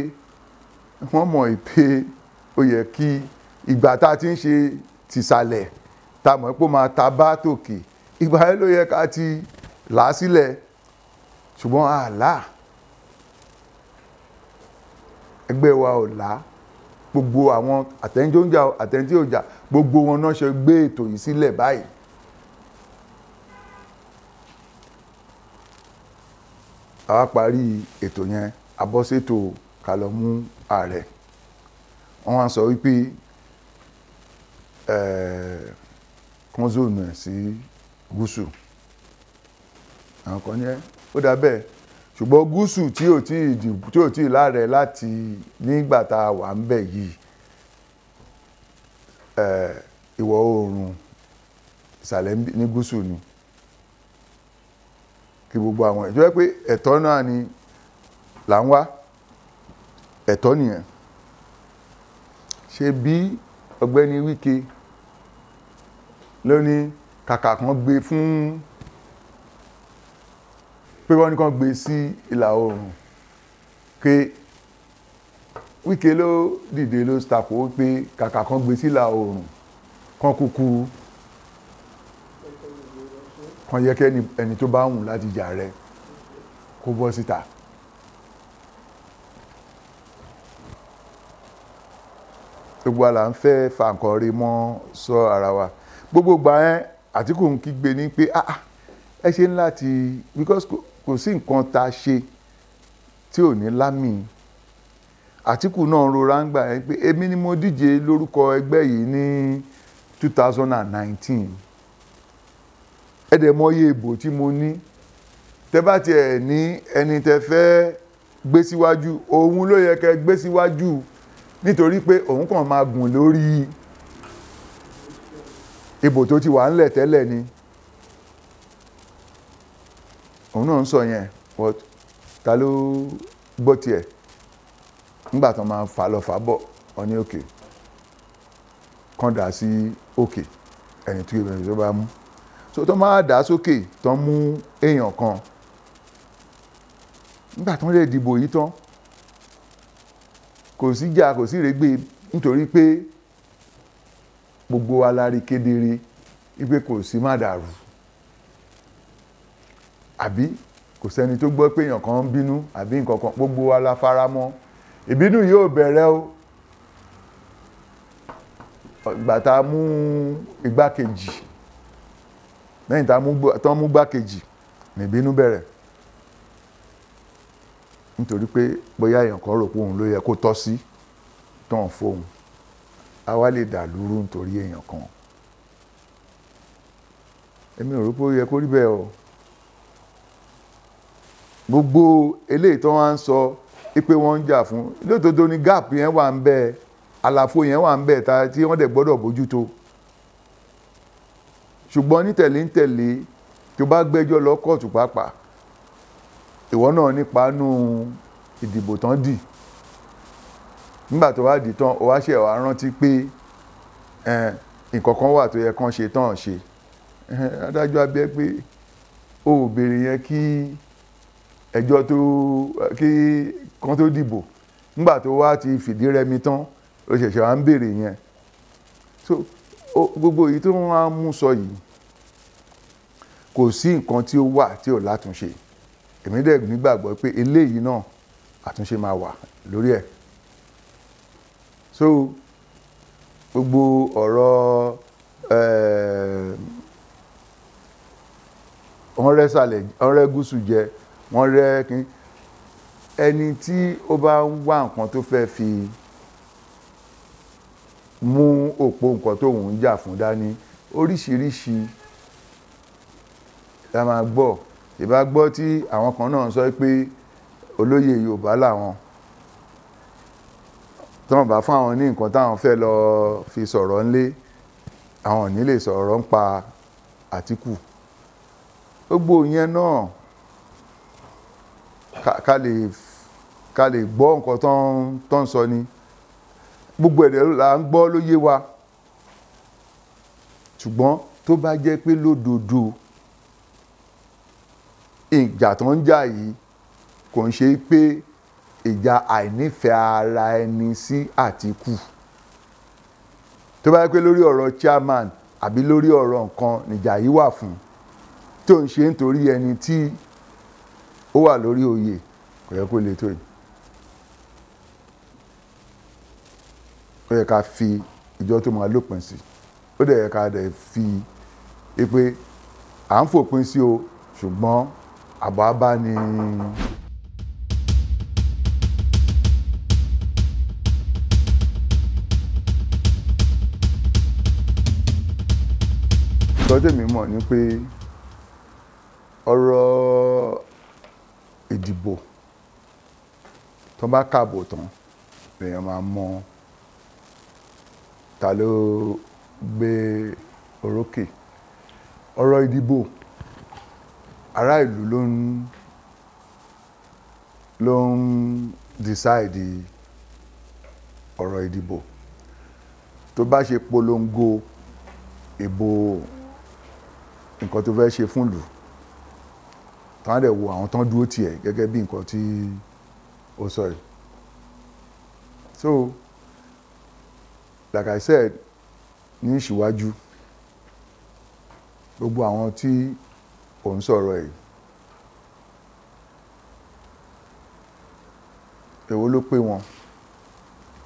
[SPEAKER 1] wọ́n mọ̀ pé ó yẹ kí ìgbà tá a ti ń ṣe tìsàlẹ̀ tá a mọ̀ pé máa ta bá tòkè ìgbà yẹn ló yẹ ká ti là á sílẹ̀ ṣùgbọ́n àlá ẹgbẹ́ wa ò là á gbogbo àwọn àtẹnjó ń jà àtẹnjó ò jà gbogbo wọn náà ṣe gbé ètò yìí sílẹ̀ báyìí. àwa parí ètò yẹn abọ́sètò ká lọ mú ààrẹ wọ́n wá sọ wípé kọ́ńzóònù ẹ̀ sí gúúsù àwọn kan yẹn ó dà bẹ́ẹ̀ ṣùgbọ́n gúúsù tí ò tí ì dìbò tí ò tí ì láàrẹ̀ láti nígbà tá a wà ń bẹ̀ yìí ìwọ̀ oòrùn ìsàlẹ̀ ní gúúsù ni kí gbogbo àwọn ìjọba pé ẹ̀tọ́ náà ni là ń wá ẹ̀tọ́ nìyẹn ṣe bí ọ̀gbẹ́ni Wike lónìí kàkà kan gbé fún pé wọ́n ní kàn gbé sí ìlà oòrùn pé Wike ló dìde ló tako pé kàkà kan gbé sí ìlà oòrùn kan kúkú kan yẹ ẹni tó bá wù láti jà rẹ kó bọ́ síta. gbogbo àlà ń fẹ́ fa nǹkan rí mọ́ sọ ara wa gbogbo gbà yẹn Àtìkù ń kígbe ní pé ah, ah, ẹ ṣe ń láti because kò sí nǹkan tá a ṣe tí ò ní lámì Àtíkù náà rọra ń gbà yẹn pé èmi ni mo díje lórúkọ ẹgbẹ́ yìí ní two thousand and nineteen ẹ̀dẹ̀ mọyé ìbò tí mo ní tẹ bá tiẹ̀ ní ẹni tẹ fẹ́ gbé síwájú òun ló yẹ kẹ gbé síwájú nítorí pé òun kàn máa gùn lórí ìbò tó ti wà ńlẹ̀ tẹ́lẹ̀ ni òun náà ń sọ yẹn but ta ló gbọ́ tiẹ̀ nígbà tó máa fà lọ fà bọ̀ ọ ní òkè kàn dà sí òkè ẹni tí ìbẹ̀rẹ̀ tó bá mú so tó máa dà sókè tó ń mú èèyàn kan nígbà tó ń lè dìbò yìí tán kò sí jà kò sí rẹ́gbẹ́ nítorí pé gbogbo wa kedere wípé kò sí má dàrú àbí kò sẹ́ni tó gbọ́ pé èèyàn kan ń bínú àbí nǹkan kan gbogbo wa la fara mọ́ ìbínú yóò bẹ̀rẹ̀ o ìgbà tá a mú igbákejì lẹ́yìn tá a mú igbákejì nìbínú bẹ̀rẹ̀ nítorí pé bóyá èèyàn kan rò pé òun ló yẹ kó tọ́ sí tán fóun a wá lè dà lúrú nítorí èèyàn kan èmi ò rò pé ó yẹ kó rí bẹ́ẹ̀ o gbogbo eléyìí tó wá ń sọ pé wọ́n ń jà fún lóòótọ́ ni gap yẹn wà ń bẹ àlàfo yẹn wà ń bẹ ta tí wọ́n dẹ̀ gbọ́dọ̀ bójútó ṣùgbọ́n ní tẹ̀lé ń tẹ̀lé tó bá gbẹ́jọ́ lọ kóòtù pàápàá ìwọ náà nípa nú ìdìbò tán dì nígbà tó wá dì tán ó wá ṣe wá rántí pé nǹkan kan wà tó yẹ kán ṣe tán ṣe adájọ́ abẹ́ pé o ò béèrè yẹn kí ẹjọ́ tó kí kan tó dìbò nígbà tó wá ti fìdí rẹmi tán ó ṣẹ̀ṣẹ̀ wá ń béèrè yẹn so gbogbo èyí tó ń wá mú sọ yìí kò sí nǹkan tí ó wà tí ò látúnṣe èmi dẹ̀ nígbàgbọ́ pé eléyìí náà àtúnṣe máa wà lórí ẹ̀ so gbogbo ọ̀rọ̀ eh, ọ̀rẹ́ gúúsù jẹ́ wọ́n rẹ́ kí ẹni tí ó bá ń wá nǹkan tó fẹ́ fi mú òpó nǹkan tóun ń jà fún dání oríṣiríṣi la máa gbọ́ ìbá gbọ́ tí àwọn kan náà sọ pé olóyè Yorùbá làwọn tọ́wọ́n bá fún àwọn ní nǹkan táwọn fẹ́ lọ fi sọ̀rọ̀ ńlé àwọn ò ní lè sọ̀rọ̀ ń pa Àtíkù gbogbo yẹn náà ká lè ká lè gbọ́ nǹkan tó ń sọ ni gbogbo ẹ̀dẹ̀ là ń gbọ́ ló yé wa ṣùgbọ́n tó bá jẹ́ pé lódodo ìjà tó ń jà yìí kò ń ṣe pé ìjà àìnífẹ̀ẹ́ ara ẹni sí Àtíkù tó bá jẹ́ pé lórí ọ̀rọ̀ chairman àbí lórí ọ̀rọ̀ nǹkan nìjà yìí wà fún tó ń ṣe nítorí ẹni tí ó wà lórí oyè kò yẹ kó le tó yìí ó yẹ ká fi ìjọ tó máa lópin sí ó dẹ̀ yẹ ká dẹ̀ fi é pé à ń fòpin sí o ṣùgbọ́n àbá bá ní. ìtọ́jú mi mọ̀ ni pé ọ̀rọ̀ ìdìbò tó bá kàbò tán èèyàn máa mọ ta ló gbé orókè ọ̀rọ̀ ìdìbò ará ìlú ló ń ló ń decide ọ̀rọ̀ ìdìbò tó bá ṣe polongo ìbò nǹkan tó fẹ́ ṣe fún ìlú ká dẹ̀ wo àwọn tán dúró tiẹ̀ gẹ́gẹ́ bí nǹkan tí ó sọ yìí so like I said ní ìṣíwájú gbogbo àwọn tí òun sọ̀rọ̀ yìí èwo ló pé wọn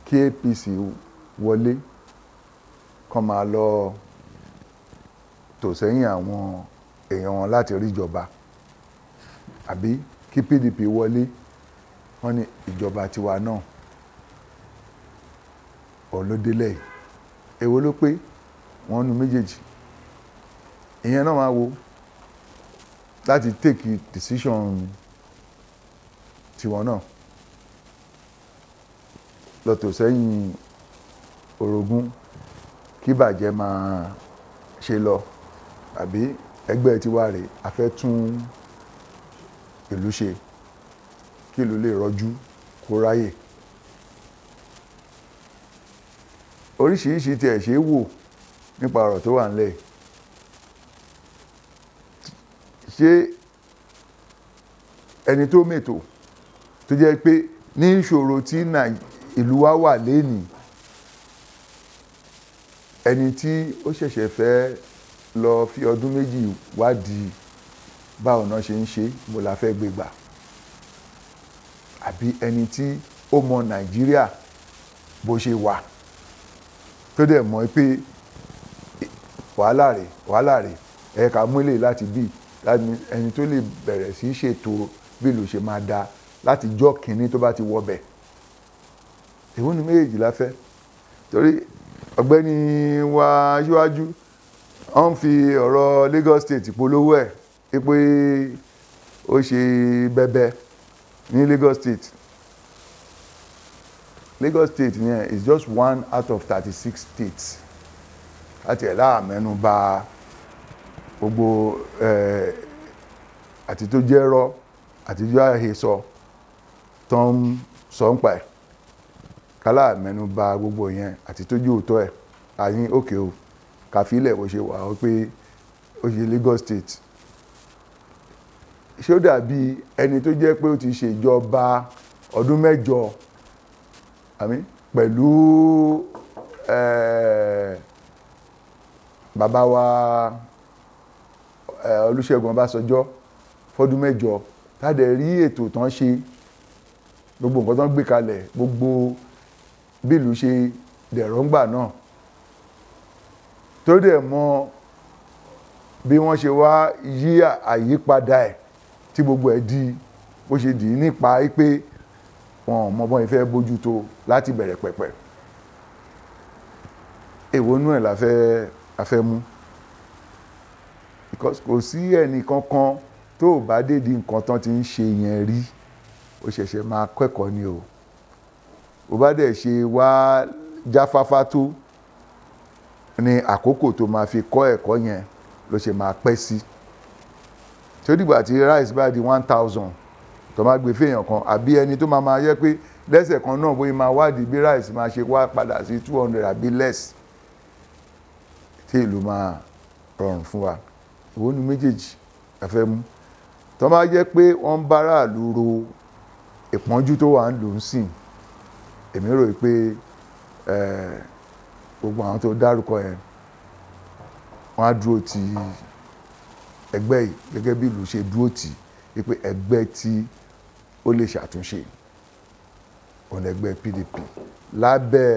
[SPEAKER 1] kí APC wọlé kàn máa lọ tò sẹ́yìn àwọn èèyàn wọn láti rí ìjọba àbí kí PDP wọlé wọ́n ní ìjọba tiwa náà ọ̀lọ́dẹ́lẹ̀ èwo ló pé wọ́n nu méjèèjì ìyẹn náà máa wo láti take decision tiwọn náà lọ́tọ̀ sẹ́yìn orogún kí bàjẹ́ máa ṣe lọ àbí ẹgbẹ́ tiwa rèé a fẹ́ tún ìlú ṣe kí ìlú lè rọjú kó ráyè oríṣiríṣi tiẹ̀ ṣe é wò nípa ọ̀rọ̀ tó wà ńlẹ̀ ṣé ẹni tó mètò tó jẹ́ pé ní ìṣòro tí ìlú wa wà lénìí ẹni tí ó ṣẹ̀ṣẹ̀ fẹ́ lọ fi ọdún méjì wádìí báwo náà ṣe ń ṣe mo la fẹ́ gbé gbà àbí ẹni tí ó mọ nàìjíríà bó ṣe wà tó dẹ̀ mọ̀ pé wàhálà rẹ̀ wàhálà rẹ̀ ẹ̀ka múlẹ̀ láti bí ẹni tó lè bẹ̀rẹ̀ sí ṣètò bí ìlú ṣe máa da láti jọ́ kínní tó bá ti wọbẹ̀ èwo ni méjèèjì la fẹ́ torí ọ̀gbẹ́ni wa síwájú wọ́n fi ọ̀rọ̀ Lagos State polówó ẹ̀ pé ó ṣe bẹ́bẹ́ ní Lagos State Lagos State yẹn yeah, is just one out of thirty six states láti ẹ̀ láàmẹ́nu bà gbogbo àti tó jẹ́ rọ́ àti tó àhesọ tó ń sọ ń pa ẹ̀ kálá mẹ́nu bà gbogbo yẹn àti tó jẹ́ òótọ́ ẹ̀ àyín òkè o kàfílẹ̀ bó ṣe wà ó pé ó ṣe Lagos State ṣé ó dàbí ẹni tó jẹ́ pé ó ti ṣèjọba ọdún mẹ́jọ àmì pẹ̀lú eh, bàbá wa eh, Olúṣẹ́gun Ọbásanjọ́ fọ́dún mẹ́jọ tádẹ rí ètò tán ṣe gbogbo nǹkan tán gbé kalẹ̀ gbogbo bílù ṣe dẹ̀rọ̀ǹgbà náà tó dẹ̀ mọ bí wọ́n ṣe wá yí àyípadà ẹ̀ tí gbogbo ẹ̀ di bó ṣe dì í nípa pé wọn ò mọ̀bọ́n ìfẹ́ bójú tó láti bẹ̀rẹ̀ pẹ̀pẹ̀ èwo nú ẹ̀ la fẹ́ a fẹ́ mú because kò sí ẹnì kankan tó o bá dédi nǹkan tán ti ń ṣe yẹn rí o ṣẹ̀ṣẹ̀ máa kẹ́kọ̀ọ́ ni o o bá dẹ̀ ṣe wá jáfáfá tó ní àkókò tó máa fi kọ́ ẹ̀kọ́ yẹn ló ṣe máa pẹ́ sí. Si tí ó dìgbà tí rice bá di one thousand tó máa gbé fèèyàn kan àbí ẹni tó máa máa yẹ pé lẹ́sẹ̀ kan náà bóyá máa wádìí bí rice máa ṣe wá padà sí two hundred àbí less tí ìlú máa rọrùn fún wa ìwọ ni méjèèjì ẹ fẹ́ mú tó máa jẹ́ pé wọ́n ń báráàlú ro ìpọ́njú tó wà ń lò ń sìn èmi rò pé eh, gbogbo àwọn tó dárúkọ yẹn wọ́n á dúró ti ẹgbẹ́ yìí gẹ́gẹ́ bí ìlú ṣe dúró tì í pé ẹgbẹ́ tí ó lè ṣàtúnṣe òun ẹgbẹ́ PDP lábẹ́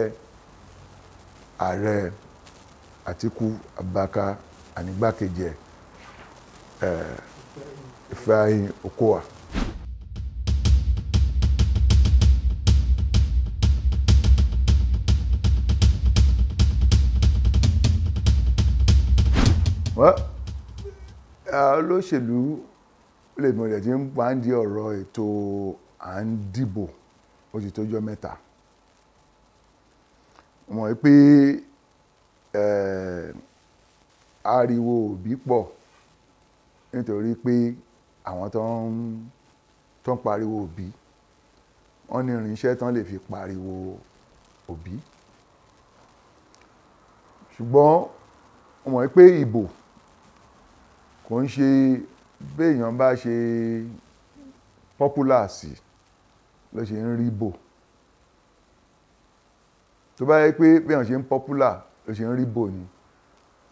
[SPEAKER 1] ààrẹ Àtíkú Abubakar ànígbàkejì ẹ̀ eh, Ifeanyi Okowa. Well, olóṣèlú lè mọ̀ rẹ̀ tí ń pa ń di ọ̀rọ̀ ètò à ń dìbò ó ti tójọ́ mẹ́ta mọ̀ pé ariwo òbí pọ̀ nítorí pé àwọn tó ń tó ń pariwo òbí wọ́n ní irinṣẹ́ tán lè fi pariwo òbí ṣùgbọ́n mọ̀ pé ìbò kò ń ṣe béèyàn bá ṣe popular sí ló ṣe ń rí bò tó bá yẹ pé béèyàn ṣe ń popular ló ṣe ń rí bò ni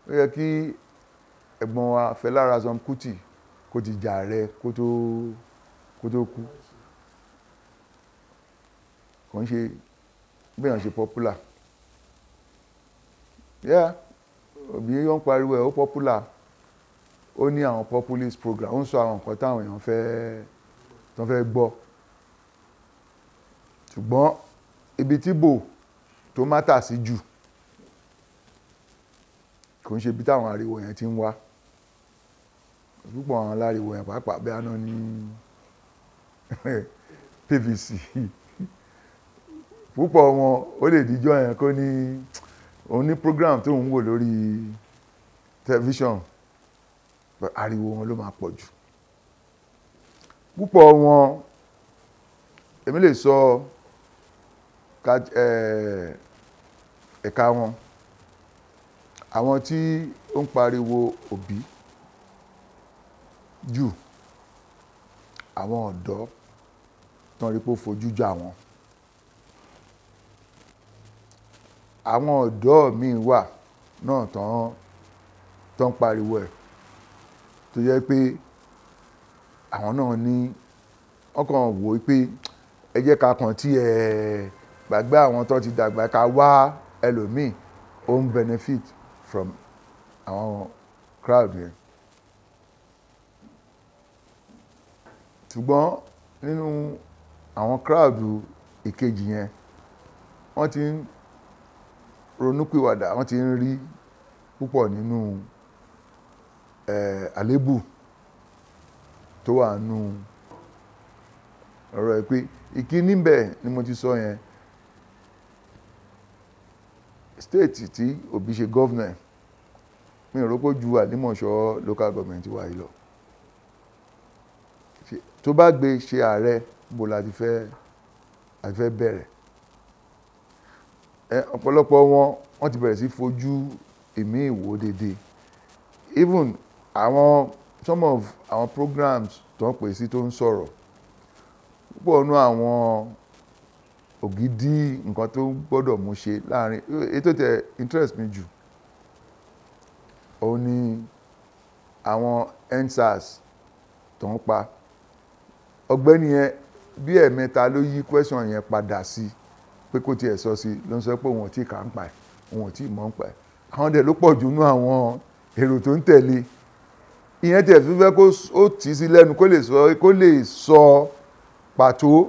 [SPEAKER 1] ó yẹ kí ẹ̀gbọ́n wa Fẹlá Ransome Kuti kó ti jà rẹ kó tó kú kò ń ṣe béèyàn ṣe popular yeah òbí yóò ń pariwo ẹ̀ ó popular ó ní àwọn populist program ó ń sọ àwọn nǹkan táwọn èèyàn fẹ́ tó fẹ́ gbọ́ ṣùgbọ́n ibi tí bò tó mátà sí jù kò ń ṣe ibi táwọn ariwo yẹn ti ń wá púpọ̀ àwọn aláriwo yẹn pàápàá bí aná ní PVC púpọ̀ wọn ó lè díjọ́ yẹn kó ní òun ní program tó ń wò lórí tẹlifíṣàn ariwo wọn ló máa pọ̀ jù púpọ̀ wọn èmi lè sọ ẹ̀ka wọn àwọn tí ó ń pariwo òbí jù àwọn ọ̀dọ́ tán rí pé ó fojú jù àwọn àwọn ọ̀dọ́ míì wà náà tán tán pariwo ẹ̀ tó jẹ́ pé àwọn náà ní ọkàn wò pé ẹ jẹ́ ká kàn tí ẹ gbàgbé àwọn tó ti dàgbà ká wá ẹlòmíì ó ń benefit from àwọn crowd yẹn. ṣùgbọ́n nínú àwọn crowd ìkejì yẹn wọ́n ti ń ronúpìwàdà wọ́n ti ń rí púpọ̀ nínú. Eh, àlébù tó wà nù ọ̀rọ̀ ẹ̀ pé ìkí níbẹ̀ ni mo ti sọ yẹn state tí òbí ṣe governor mi rò pé ju àdìmọ̀ṣọ́ local government wa yìí lọ tó bá gbé ṣe ààrẹ bó la ti fẹ́ àti fẹ́ bẹ̀rẹ̀ ọ̀pọ̀lọpọ̀ wọn wọ́n ti bẹ̀rẹ̀ sí fojú èmi ìwò dédé even àwọn some of our programs tó ń pè sí tó ń sọ̀rọ̀ púpọ̀ nú àwọn ògidì nǹkan tó gbọ́dọ̀ mú ṣe láàrin ètò tẹ interest mi jù òun ni àwọn endsars tó ń pa ọ̀gbẹ́ni yẹn bí ẹ̀ẹ̀mẹ́ta ló yí question yẹn padà sí pé kó tiẹ̀ sọ sí ló ń sọ pé òun ò tí kà ń pa ẹ̀ òun ò tí mọ̀ ń pa ẹ̀ àwọn dẹ̀ ló pọ̀ jù nú àwọn èrò tó ń tẹ̀lé ìyẹn tiẹ̀ tún fẹ́ kó ó tì í sí lẹ́nu kó lè sọ kó lè sọ pàtó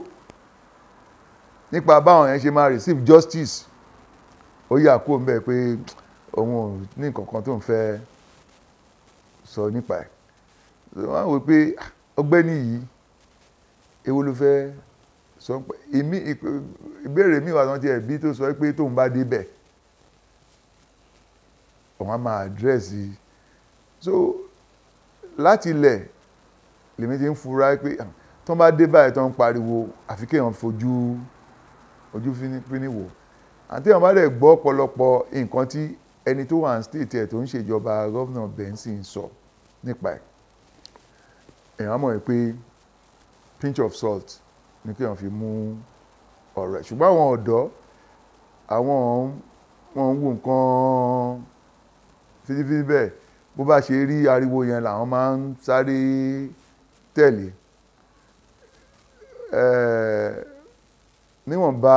[SPEAKER 1] nípa báwọn yẹn ṣe máa receive justice ó yà kó ń bẹ̀ pé òun ò ní nǹkan kan tó ń fẹ́ sọ nípa ẹ̀ wọ́n á wò pé ọgbẹ́ni yìí ewu ló fẹ́ sọ pé èmi ìbéèrè mi wà tán tiẹ̀ bí tó sọ pé tóun bá débẹ̀ òun á máa àdírẹ́sì so láti ilẹ̀ lèmi ti ń fura pé ah, tó ń bá dé báyìí tó ń pariwo àfi kéèyàn fojú ojú fínífíní wò àti àwọn bá dẹ̀ gbọ́ ọ̀pọ̀lọpọ̀ nǹkan tí ẹni tó wà ní stéètì ẹ̀ tó ń ṣèjọba gọ́vnà bẹ́ńsì ń sọ nípa ẹ̀ èèyàn mọ̀ pé pinch of salt ni kéèyàn fi mú ọ̀rọ̀ ẹ̀ ṣùgbọ́n àwọn ọ̀dọ́ àwọn wọn ń wo nǹkan fínífíní bẹ́ẹ̀ bó bá ṣe rí ariwo yẹn làwọn máa ń sáré tẹ̀lé níwọ̀nba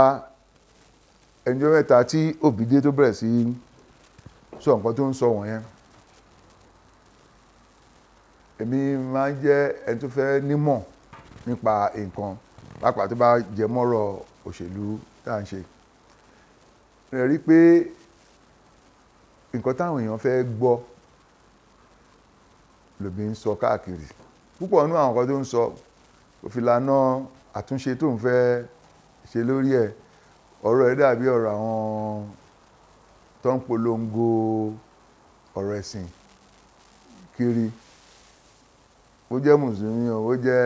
[SPEAKER 1] ẹnjọ́ mẹ́ta tí òbí tó bẹ̀rẹ̀ sí sọ nǹkan tó ń sọ wọ̀nyẹn èmi máa ń jẹ́ ẹni tó fẹ́ nímọ̀ nípa nǹkan pàápàá tó bá jẹ mọ́rọ̀ òṣèlú tá à ń ṣe rẹ̀ rí pé nǹkan táwọn èèyàn fẹ́ gbọ́ lòbí ń sọ káàkiri púpọ̀ nínú àwọn kan tó ń sọ òfìlànà àtúnṣe tó ń fẹ́ ṣe lórí ẹ̀ ọ̀rọ̀ ẹ̀ dàbí ọ̀rọ̀ àwọn tó ń polongo ọ̀rọ̀ ẹ̀sìn kiri ó jẹ́ mùsùlùmí o ó jẹ́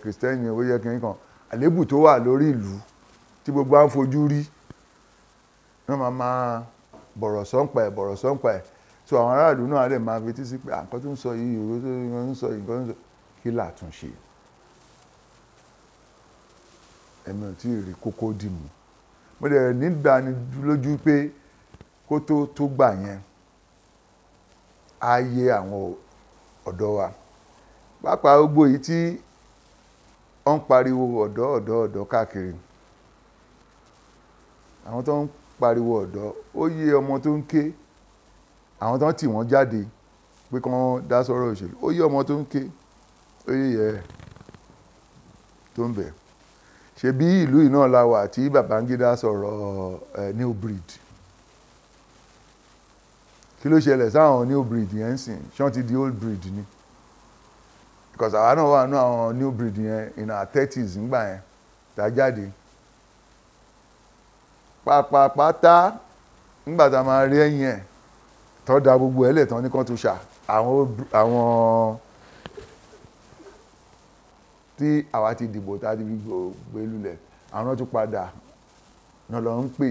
[SPEAKER 1] kìrìsìtẹ́nì o ó jẹ́ kìnìkan àlébù tó wà lórí ìlú tí gbogbo à ń fojú rí wọ́n máa máa bọ̀rọ̀ sọ́ǹpa bọ̀rọ̀ sọ́ǹpa so àwọn aráàlú náà lè máa fetí sí pé àǹkan tó ń sọ yìí ìwé tó ń sọ yìí nǹkan tó ń sọ kí làtúnṣe ẹ̀mí ò tí ì rí kókó dì mí mo dẹ̀ nídánilójú pé kó tó tó gbà yẹn á yé àwọn ọ̀dọ́ wa pápá gbogbo yìí tí ó ń pariwo ọ̀dọ́ ọ̀dọ́ ọ̀dọ́ káàkiri àwọn tó ń pariwo ọ̀dọ́ ó yé ọmọ tó ń ké àwọn tó ń tì wọ́n jáde pé kí wọ́n dá sọ́rọ̀ òṣèlú ó yé ọmọ tó ń ké ó yé yẹ tó ń bẹ̀ ṣe bí ìlú yìí náà la wà tí Babangida sọ̀rọ̀ new breed kí ló ṣẹlẹ̀ sáwọn new breed yẹn ń sìn ṣé wọ́n ti di old breed ni because àwa náà wà nù àwọn new breed yẹn in our thirties ngbà yẹn tá a jáde pàápàá pátá ngbà tá a máa rí ẹ̀yìn ẹ̀ tọ́ da gbogbo ẹ̀ lẹ́tàn ní kan tó ṣà àwọn tí àwa ti dìbò tá a ti fi gbé lulẹ̀ àwọn tún padà náà lọ ń pè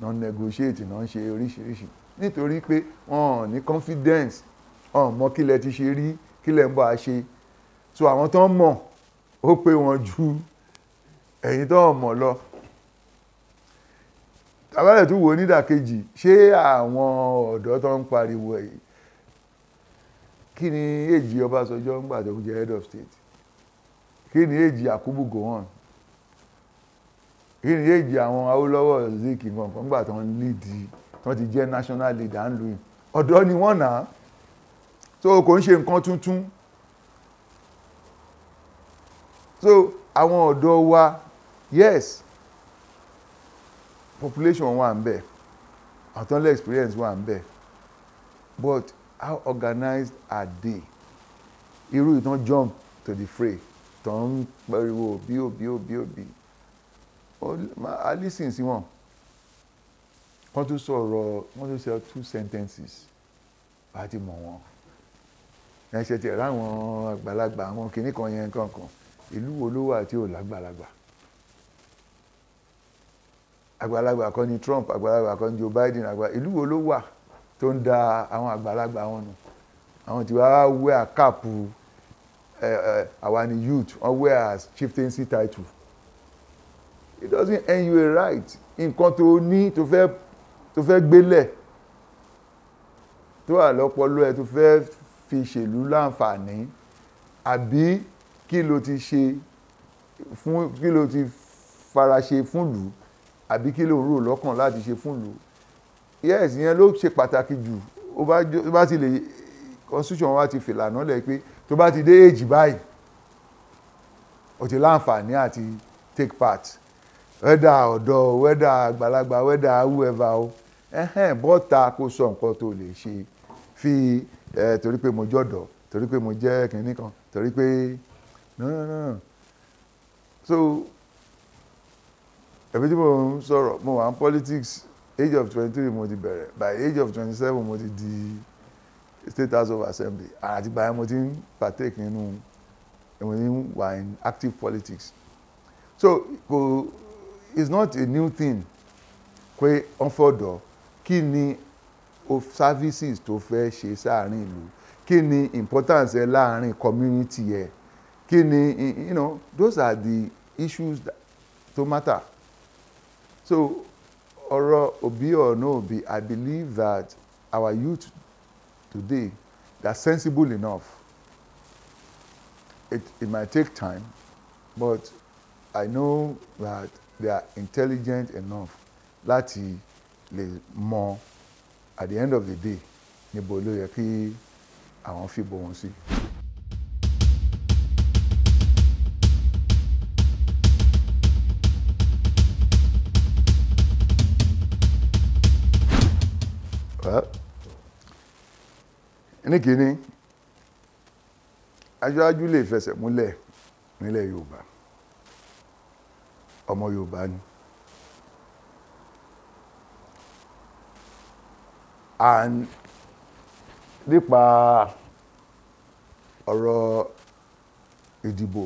[SPEAKER 1] náà negotiate náà ń ṣe oríṣiríṣi nítorí pé wọn ò ní confidence wọn ò mọ kílẹ̀ ti ṣe rí kílẹ̀ ń bọ̀ á ṣe so àwọn tó ń mọ̀ ó pé wọn ju ẹ̀yin tó mọ̀ lọ tàbálẹ̀ tún wò nídàkejì ṣé àwọn ọ̀dọ́ tó ń pariwo yìí kí ni èjì Ọbásanjọ́ ń gbà tó jẹ́ head of state kí ni èjì Yakubu Gowon kí ni èjì àwọn Awólọ́wọ̀ Zik nǹkan gbà tó ń lídìí tó ti jẹ́ national leader ń lu ọ̀dọ́ ni wọ́n nà á so kò ń ṣe nǹkan tuntun so àwọn ọ̀dọ́ wa yes population wà ń bẹ àtọ́nlẹ̀ experience wà ń bẹ but how organized are they irú ìtàn jump to the fray tàn ń pariwo bí ó bí ó bí ó bí a listen sí wọn wọ́n tún sọ̀rọ̀ wọ́n tún sọ two sentences a ti mọ̀ wọn ẹ ṣe ti ráwọn àgbàlagbà àwọn kìnnìkan yẹn kankan ìlú wo ló wà tí ò lágbàlagbà àgbàlagbà kan ni Trump àgbàlagbà kan ni Joe Biden àgbà ìlú wo ló wà tó ń da àwọn àgbàlagbà wọn nù àwọn tí wàá wẹ àkàpù àwa ni youth wọn wẹ as chieftaincy title it doesn't earn you a right nǹkan tó ní tó fẹ́ tó fẹ́ gbélẹ̀ tó wà lọ́pọlọ ẹ tó fẹ́ fi ṣèlú láǹfààní àbí kí ló ti ṣe fún kí ló ti faraṣe fúnlùú àbí kí ló ń rò lọ́kàn láti ṣe fún ìlú yes ìyẹn ló ṣe pàtàkì jù ó bá ti lè constitution wa ti fìlànà lẹ̀ pé tó bá ti dé èjì báyìí o ti láǹfààní àti take part wẹ́dà ọ̀dọ́ wẹ́dà àgbàlagbà wẹ́dà whoever o ẹ̀hẹ́n bọ́ta kó sọ nǹkan tó lè ṣe fi ẹ̀ torí pé mo jọ̀dọ̀ torí pé mo jẹ́ kìnìkan torí pé no no no so ẹbí tí mo ń sọ̀rọ̀ mo wà ní politics age of twenty three mo ti bẹ̀rẹ̀ by age of twenty seven mo ti di state house of assembly àti báyìí mo ti ń partake nínú mo ti ń wà in active politics so kò it's not a new thing pé wọ́n fọ̀dọ̀ kí ni services tó fẹ́ ṣe sáàárín ìlú kí ni importance ẹ láàárín community ẹ kí ni you know those are the issues that, to matter so ọ̀rọ̀ òbí or no òbí I believe that our youth today they are sensible enough it it might take time but I know that they are intelligent enough láti le mọ at the end of the day níbo ló yẹ kí àwọn bo wọn sí. ní kìíní aṣáájú lè fẹsẹ̀ múlẹ̀ nílẹ̀ yorùbá ọmọ yorùbá ni and nípa ọ̀rọ̀ ìdìbò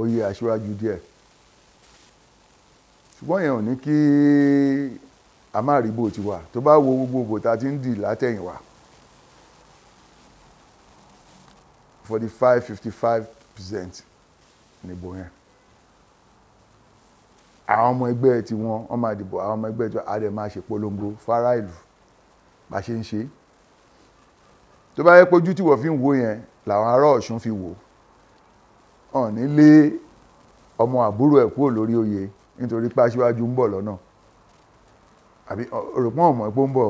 [SPEAKER 1] oyè aṣáájú díẹ̀ ṣùgbọ́n yẹn ò ní kí a má rí bó ti wà tó bá wo gbogbo bó ta ti ń dì látẹ̀yìnwá. 45 55 percent níbò yẹn àwọn ọmọ ẹgbẹ́ tí wọ́n wọ́n máa dìbò àwọn ọmọ ẹgbẹ́ tí wọ́n á dẹ̀ máa ṣe polongo fara ìlú bá ṣe ń ṣe tó bá yẹ pé ojú tí wọ́n fi ń wo yẹn làwọn ará Ọ̀ṣun fi wò hàn nílé ọmọ àbúrò ẹ̀ kúrò lórí oyè nítorí pé aṣíwájú ń bọ̀ lọ́nà àbí òròpọ̀ ọmọ ẹ̀pọ̀ ń bọ̀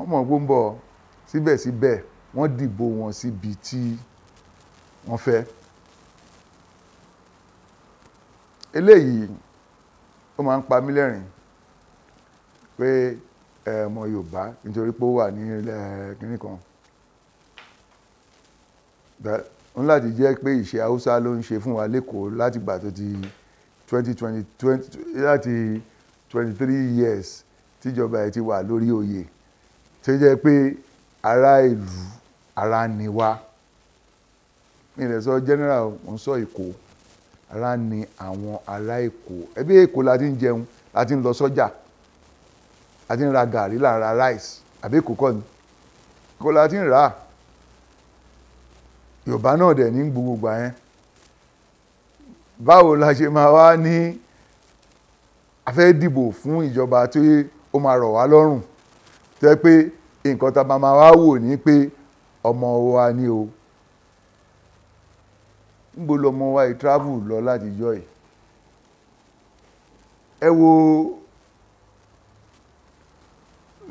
[SPEAKER 1] ọmọ ẹ̀pọ̀ ń bọ̀ síbẹ̀síbẹ̀ wọ́n dìbò wọn síbi tí wọ́n fẹ́. eléyìí ó máa ń pa mí lẹ́rìn pé ọmọ Yorùbá nítorí pé ó wà ní ilẹ̀ kínní kan n láti jẹ́ pé ìṣe Haúsá ló ń ṣe fún wa lẹ́kọ̀ọ́ láti gbà tó ti twenty twenty twenty láti twenty three years tíjọba ẹ̀ ti wà lórí oyè tó jẹ́ pé ará ìlú ará ni wá mi ì lè sọ general ń sọ èkó ará ni àwọn ará èkó ẹbí èkó la ti ń jẹun la ti ń lọ sọ́jà la ti ń ra gàrí la ń ra rice àbí èkó kọ́ ni èkó la ti ń rà á yorùbá náà dẹ̀ ní gbogbo gbà yẹn báwo la ṣe máa wá ní a fẹ́ dìbò fún ìjọba tí ó máa rọ̀ wá lọ́rùn tẹ́ pé nǹkan tá a máa wá wò ní pé ọmọ wa ni o níbo lọmọ wa yìí travel lọ láti jọ yìí ẹ wo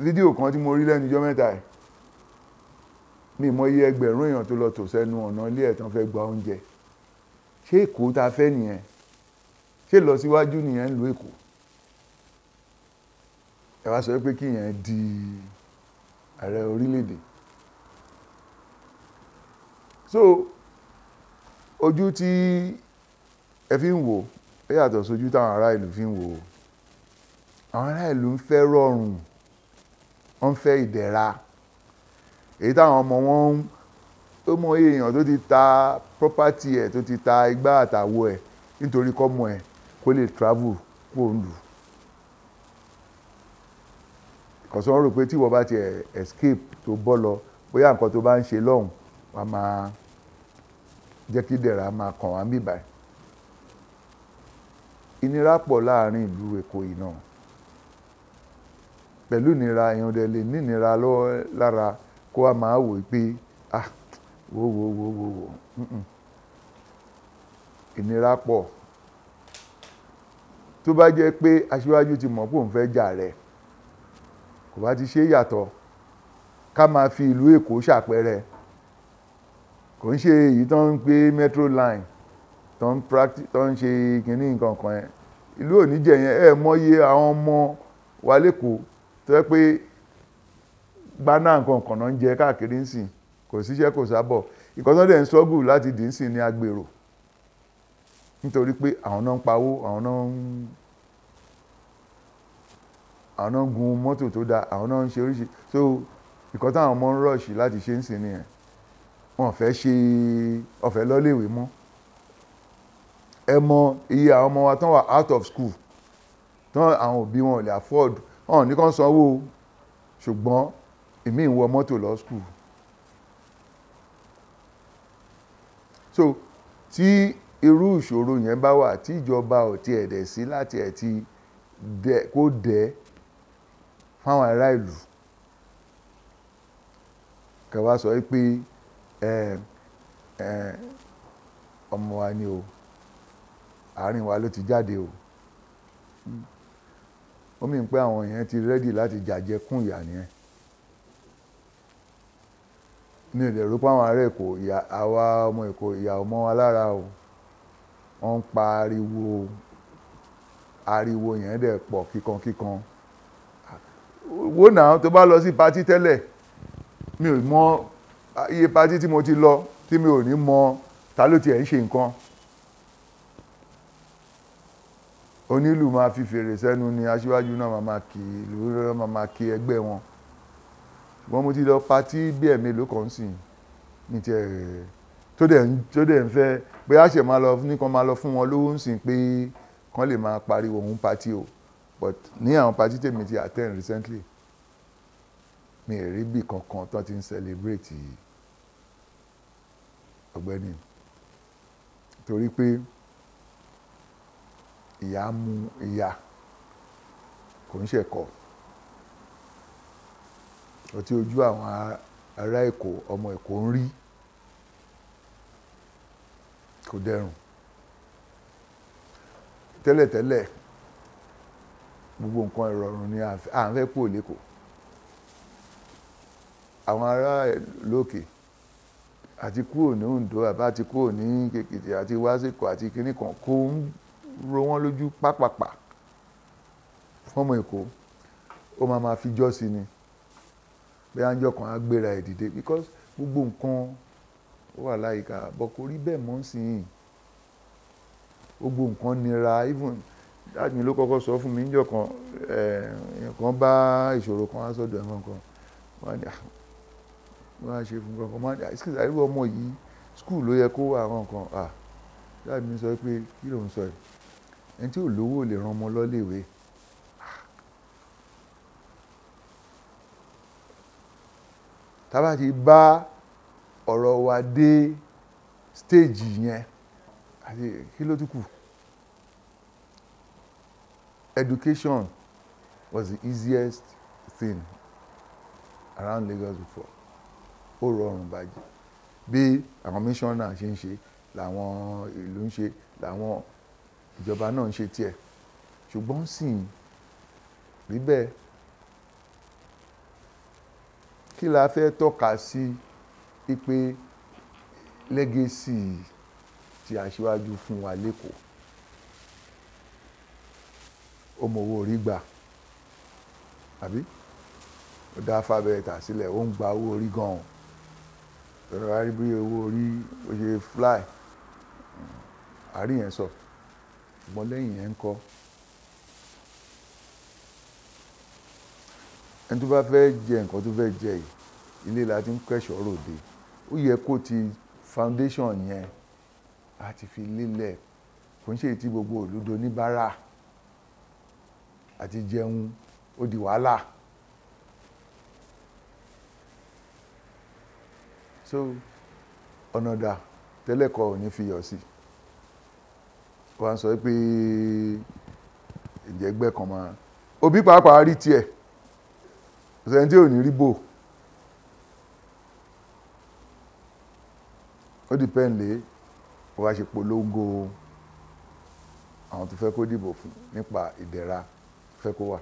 [SPEAKER 1] fídíò kan tí mo rí lẹ́nu ijọ́ mẹ́ta yìí mi mọ iye ẹgbẹ̀rún èèyàn tó lọ tò sẹ́nu ọ̀nà ilé ẹ̀ tán fẹ́ gba oúnjẹ ṣé èkó tá fẹ́ nìyẹn ṣé lọ síwájú nìyẹn ń lu èkó ẹ wá sọ pé kí di ààrẹ orílẹ̀-èdè so ojú tí ẹ fi ń wò ó yàtọ̀ sójú táwọn ará ìlú fi ń wò ó àwọn ará ìlú ń fẹ́ rọrùn wọ́n fẹ́ ìdẹ̀ra èyí táwọn ọmọ wọn ń ó mọ èèyàn tó ti ta property ẹ̀ tó ti ta igbá àtàwọ̀ ẹ̀ nítorí kọ́mọ ẹ̀ kó lè travel kó ń lù ú kọ̀sọ́ wọn rò pé tí ìwọ bá ti escape tó bọ́ lọ bóyá nǹkan tó bá ń ṣe lọ́hùn wà á máa jẹ́ kí dẹ̀ra máa kàn wá mí báyìí. ìnira pọ̀ láàrin ìlú Èkó yìí náà pẹ̀lú ìnira èèyàn dẹ̀ lè ní ìnira lọ́wọ́ lára kó a máa wò pé ah wo wo wo wo wo ìnira pọ̀ tó bá jẹ́ pé aṣíwájú ti mọ̀ pé òun fẹ́ jà rẹ̀ kò bá ti ṣe é yàtọ̀ ká máa fi ìlú èkó ṣàpẹẹrẹ kò ń ṣe èyí tó ń gbé metro line tó ń practice tó ń ṣe kínní nǹkan kan yẹn ìlú òní jẹyẹn ẹ mọyé àwọn ọmọ wa lẹ́kọ̀ọ́ tó yẹ pé gbaná nǹkan kan náà ń jẹ káàkiri ńsìn kò síṣẹ́ kò sábọ̀ ìkọ́sọ́dẹ̀ ń struggle láti dì í sìn ní agbèrò nítorí pé àwọn náà ń pawó àwọn náà ń àwọn náà gun mọ́tò tó dáa àwọn náà ń ṣe oríṣi so ìkọ́ táwọn ọmọ ń rọ̀ṣì láti ṣe ń sìn nìyẹn wọn fẹ́ ṣe ọ̀fẹ́ lọ́léèwé mọ́ ẹ mọ iye àwọn ọmọ wa tán wà out of school tán àwọn òbí wọn ò lè afford wọn ò ní kàn sanwó ṣùgbọ́n èmi ń wọ mọ́tò lọ school so tí irú ìṣòro yẹn bá wà tí ìjọba ò tiẹ̀ dẹ̀ sí láti ẹ̀ ti kó dẹ̀ fáwọn ará ìlú kẹwà sọ pé ọmọ wa ni o àárín wa ló ti jáde o ó mì ń pé àwọn èèyàn ti rẹ́dì láti jàjẹ kún ìyà nìyẹn ní ilẹ̀ rúpọ̀ àwọn ará èkó ìyà àwa ọmọ èkó ìyà ọmọ wa lára o wọ́n ń pa ariwo ariwo yẹn dẹ̀ pọ̀ kíkankíkan. Kíkan wò náà tó bá lọ sí patí tẹ́lẹ̀ mi ò mọ iye patí tí mo ti lọ tí mi ò ní mọ ta ló tiẹ̀ ń ṣe nǹkan onílù máa fi fèrè sẹ́nu ni aṣíwájú náà máa máa kí ìlú náà máa máa kí ẹgbẹ́ wọn ṣùgbọ́n mo ti lọ patí bí ẹ̀mí ló kàn sí ní tiẹ̀ tó dẹ̀ tó dẹ̀ ń fẹ́ bóyá ṣe máa lọ ní kan máa lọ fún wọn lówó ń sìn pé kán lè máa pariwo òun patí o but ní àwọn pàtí tèmi ti attend recently mi ì rí bí kankan tó ti ń celebrate ọ̀gbẹ́ni torí pé ìyá mú ìyá kò ń ṣẹ̀kọ́ ọtí ojú àwọn ará èkó ọmọ èkó ń rí kò dẹrùn tẹ́lẹ̀tẹ́lẹ̀ gbogbo nǹkan ìrọ̀rùn ni à ń fẹ́ kúrò lẹ́kọ̀ọ́ àwọn ará lókè àti kúrò ní Oǹdó àbá ti kúrò ní Èkìtì àti wásìkò àti kínní kan kó ń ro wọ́n lójú pápápá fọ́mọ Èkó ó máa máa fi jọ́ sí ni bí àjọ kan á gbéra ẹ̀ dìde because gbogbo nǹkan ó wà láyìíká bọ́ kò rí bẹ́ẹ̀ mọ́ sí i gbogbo nǹkan nira even dáàdì mi ló kọ́kọ́ sọ fún mi níjọ́ kan nǹkan bá ìṣòro kan wá sọ́dọ̀ ẹ̀wọ̀n kan wọ́n á ah, wọ́n á ṣe fún kankan wọ́n á ṣe ah, àìrú ọmọ yìí skul ló yẹ kó wà àwọn nǹkan à ah, dáàdì mi sọ pé kí ló ń sọ yìí ẹni tí ò lówó lè ran ọmọ lọ́lẹ́wé tábà ti bá ọ̀rọ̀ wa dé stéèjì yẹn àti kí ló tún kù education was the easiest thing around Lagos before ó rọrùn bàjẹ́ bí àwọn missioner ṣe ń ṣe làwọn ìlú ń ṣe làwọn ìjọba náà ń ṣe tiẹ̀ ṣùgbọ́n sì ń rí bẹ́ẹ̀ kí la fẹ́ tọ́ka sí i pé legacy ti aṣíwájú fún wa lẹ́kọ̀ọ́ ó mọ owó orí gbà àbí ó dá fábẹ́ẹ̀tà sílẹ̀ ó ń gba owó orí gan-an tọ́lá wá rí bí owó orí ó ṣe fly àárín yẹn sọ ṣùgbọ́n lẹ́yìn yẹn ń kọ́ ẹni tó bá fẹ́ jẹ nǹkan tó fẹ́ jẹ yìí ilé la ti ń kẹ́sọ̀ ròde ó yẹ kó ti foundation yẹn a ti fi lélẹ̀ kò ń ṣe ti gbogbo òlúdo níbàárà àti jẹun ó di wàhálà so ọ̀nà dà tẹ́lẹ̀kọ́ ò ní fiyọ̀ sí wọ́n á sọ pé ìjẹ́gbẹ́ kan máa òbí pàápàá rí tiẹ̀ ọ̀sẹ̀ni tí ò ní rí bò ó dìpẹ́ǹ lé wọ́n ṣe polongo àwọn tó fẹ́ kó dìbò fún nípa ìdẹ̀ra. E fẹ́ kó wà.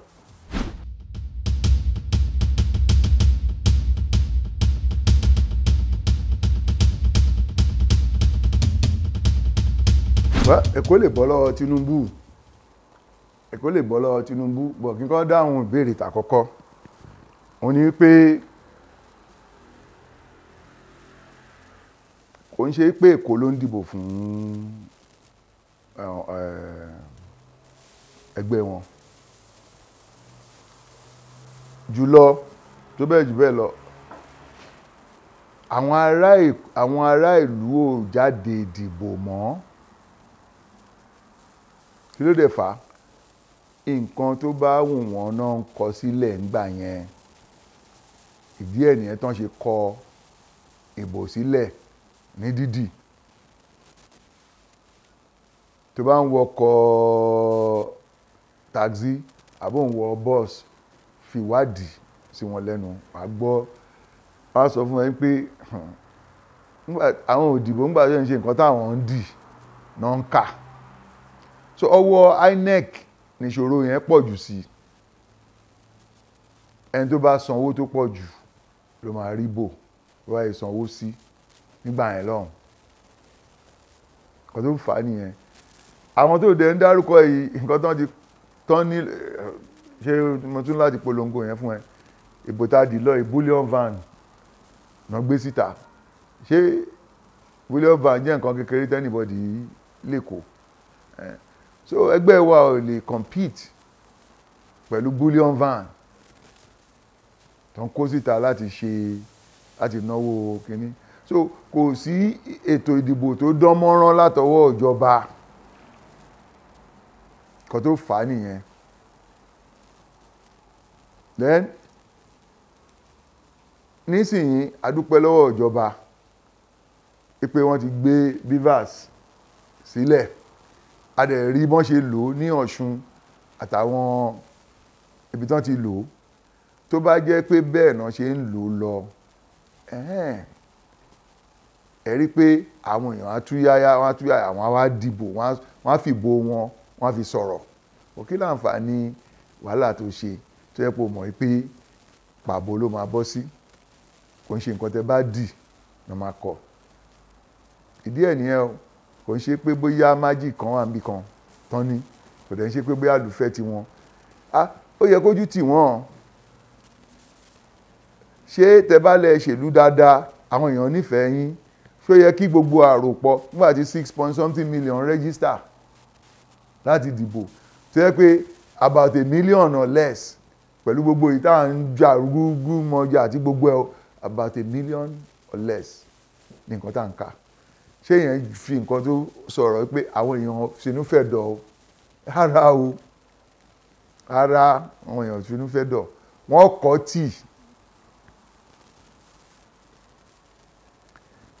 [SPEAKER 1] Èkó lè bọ́ lọ́wọ́ Tinubu Èkó lè bọ́ lọ́wọ́ Tinubu bọ̀ kí n kọ́ dáhùn ìbéèrè tàkọ́kọ́ ó ní pé kò ń ṣe pé Èkó ló ń dìbò fún ẹgbẹ́ wọn jùlọ tó bẹ́ẹ̀ jù bẹ́ẹ̀ lọ àwọn ará àwọn ará ìlú ò jáde ìdìbò mọ́ kí ló dé fà á nǹkan tó bá wù wọ́n náà ń kọ sílẹ̀ ńgbà yẹn ìdí ẹ̀ nìyẹn tán ṣe kọ ìbò sílẹ̀ ní dídì tó bá ń wọkọ̀ taxi àbò ń wọ bọ́ọ̀sì fi wádìí sí wọn lẹ́nu wà á gbọ́ wà á sọ fún ẹ pé àwọn òdìbò ńgbà tó ń ṣe nǹkan táwọn ń dì náà ń kà so ọwọ́ INEC nìṣòro yẹn pọ̀ jù sí ẹni tó bá sanwó tó pọ̀ jù ló máa rí bò wá ìsanwó sí nígbà yẹn lọ́hùn nǹkan tó fà á nìyẹn àwọn tó dẹ̀ ń dárúkọ yìí nǹkan tán ti tán ní ṣé mo tún láti polongo yẹn fún ẹ ìbò lọ bullion van náà gbé síta ṣé bullion van jẹ́ nǹkan kékeré tẹ́nìbọ̀dì lẹ́kọ̀ọ́ so ẹgbẹ́ wa ò lè compete pẹ̀lú bullion van tó ń kó síta láti ṣe láti náwó kínní so kò sí ètò ìdìbò tó dán mọ́rán látọwọ́ ìjọba kan tó fà á nìyẹn then nísìnyí adúpẹ́ lọ́wọ́ ìjọba pé wọ́n ti gbé Bvas sílẹ̀ a dẹ̀ rí bọ́n ṣe lò ó ní Ọ̀ṣun àtàwọn ibi tán ti lò ó tó bá jẹ́ pé bẹ́ẹ̀ náà ṣe ń lò ó lọ ẹ rí pé àwọn èèyàn á wọn á wọn wá dìbò wọn á fìbò wọn wọn á fi sọ̀rọ̀ òkè láǹfààní wàhálà tó ṣe tó yẹ kó mọ̀ pé pàbó ló máa bọ́ sí kò ń ṣe nǹkan tẹ́ bá dì ló máa kọ ìdí ẹ̀ nìyẹn o kò ń ṣe pé bóyá májì kan wà níbi kan tán ni kò dẹ̀ ń ṣe pé bóyá àlùfẹ́ ti wọn ah ó yẹ kójú tì wọ́n ṣé tẹ́ bá lè ṣèlú dáadáa àwọn èèyàn nífẹ̀ẹ́ yín ṣó yẹ kí gbogbo àròpọ̀ nígbà tí six point something million register láti dìbò tó yẹ pé about a million or less pẹ̀lú gbogbo yìí tá à ń jà rúgúrú mọ́jà àti gbogbo ẹ̀ about a million or less ní nǹkan tá à ń kà ṣé èèyàn fi nǹkan tó sọ̀rọ̀ pé àwọn èèyàn sínú fẹ́ dọ̀ o ara o ara àwọn èèyàn sínú dọ̀ wọ́n kọ́ tíì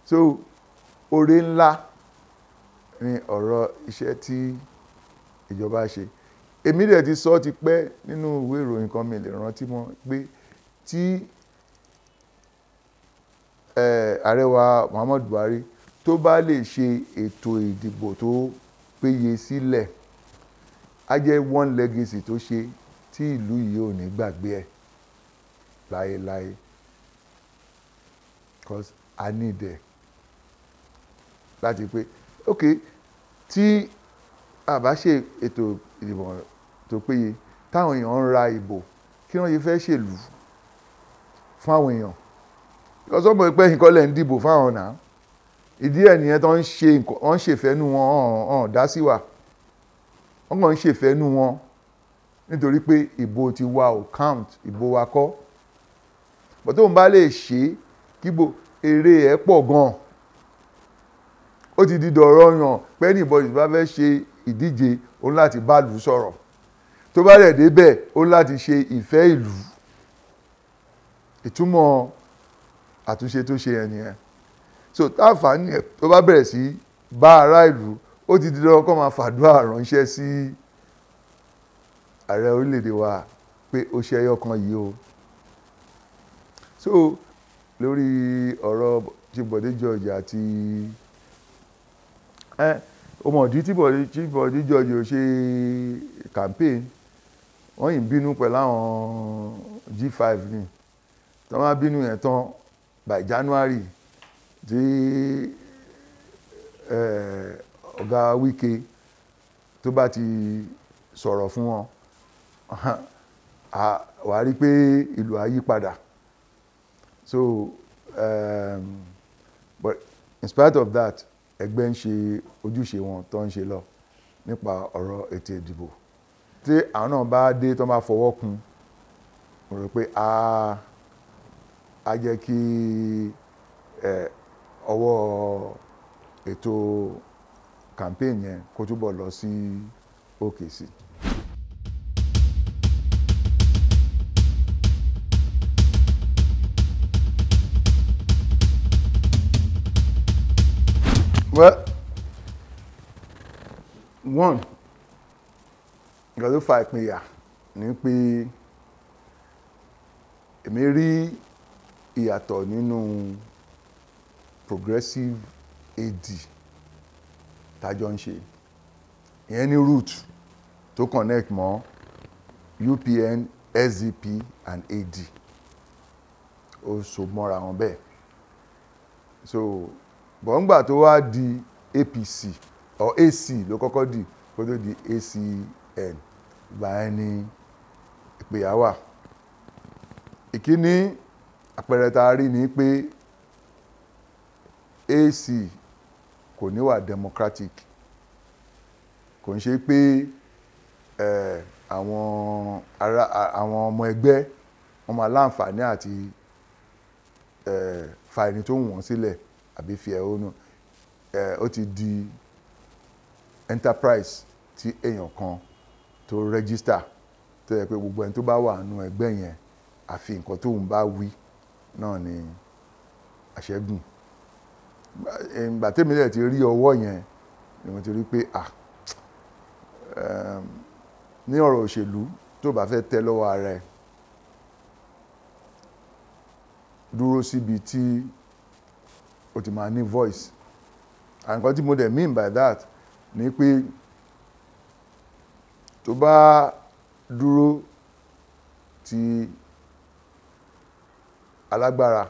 [SPEAKER 1] so oore ńlá ni ọ̀rọ̀ iṣẹ́ tí ìjọba ṣe èmi dẹ̀ ti sọ ti pẹ́ nínú ìwé ìròyìn kan mi lè rántí mọ́ pé tí ààrẹ wa Muhammadu Buhari tó bá lè ṣe ètò ìdìbò tó péye sílẹ̀ á jẹ́ one legacy tó ṣe tí ìlú yìí ò ní gbàgbé ẹ̀ láéláé because I need it láti pé ok tí a bá ṣe ètò ìdìbò tó péye táwọn èèyàn ń ra ìbò kí wọ́n yẹ fẹ́ ṣèlú fún àwọn èèyàn because ọmọ ìpẹ́ yìí kọ́lẹ̀ ń dìbò fáwọn náà ìdí ẹ̀ nìyẹn tó ń ṣe wọ́n ń ṣèfẹ́nu wọn ọ̀hún dá sí wa wọ́n kàn ń ṣèfẹ́nu wọn nítorí pé ìbò ti wa ò count ìbò wa kọ́ bọ́tò ń bá lè ṣe bo, èrè ẹ̀ pọ̀ gan-an ó ti di dọ̀rọ̀ yàn pé anybody bá fẹ́ ṣe ìdíje òun láti bá lù ú sọ̀rọ̀ tó bá rẹ̀ débẹ̀ ó láti ṣe ìfẹ́ ìlú ìtumọ̀ àtúnṣe tó ṣe yẹn nìyẹn so táǹfààní ẹ̀ tó bá bẹ̀rẹ̀ sí bá ará ìlú ó ti di lọ́wọ́ kọ́ máa fàdúrà ránṣẹ́ sí ààrẹ orílẹ̀-èdè wa pé ó ṣe ẹyọ kan yìí o so lórí ọ̀rọ̀ tí Bọ̀dé George àti ọmọdé tí Bọ̀dé George ò ṣe campaign wọ́n yìí bínú pẹ̀lú àwọn G5 ni tó máa bínú yẹn tán by January tí ọ̀gá Wike tó bá ti sọ̀rọ̀ fún wọn wàá rí pé ìlú á padà so um, but in spite of that ẹgbẹ́ ń ṣe ojúṣe wọn tó ń ṣe lọ nípa ọ̀rọ̀ ètò ìdìbò tí àwọn náà bá dé tó bá fọwọ́ kun mo rò pé a a jẹ́ kí ọwọ́ ètò campaign yẹn kó túbọ̀ lọ sí òkè sí Well, one nǹkan tó fa ìpínyà ni pé èmi rí ìyàtọ̀ nínú progressive AD tájọ ń ṣe ìyẹn ní root tó connect mọ́ UPN SDP and AD ó so mọ́ra wọn bẹ́ẹ̀ so bọ̀ǹgbà tó wá di APC or AC ló kọ́kọ́ di kó tó di ACN ìgbà ni ìpèyà wà ìkíní àpẹẹrẹ tá a rí ni pé AC kò ní wà democratic kò ń ṣe pé àwọn ará àwọn ọmọ ẹgbẹ́ wọn máa láǹfààní àti fa ẹni tó wù wọ́n sílẹ̀ àbí fi ẹ̀hónú ó ti di enterprise ti èèyàn kan To register, tó yẹ pé gbogbo ẹni tó bá wà nù ẹgbẹ́ yẹn àfi nǹkan tóun bá wí náà ni àṣẹ́gùn ìgbà tèmi dẹ̀ ti rí ọwọ́ yẹn ni mo ti rí pé à ah, ehm, ní ọ̀rọ̀ òṣèlú tó bá fẹ́ tẹ́ lọ́wọ́ ara ẹ̀ dúró síbi tí o ti máa ní voice and nǹkan tí mo dẹ̀ mean by that ni pé tó bá dúró ti alágbára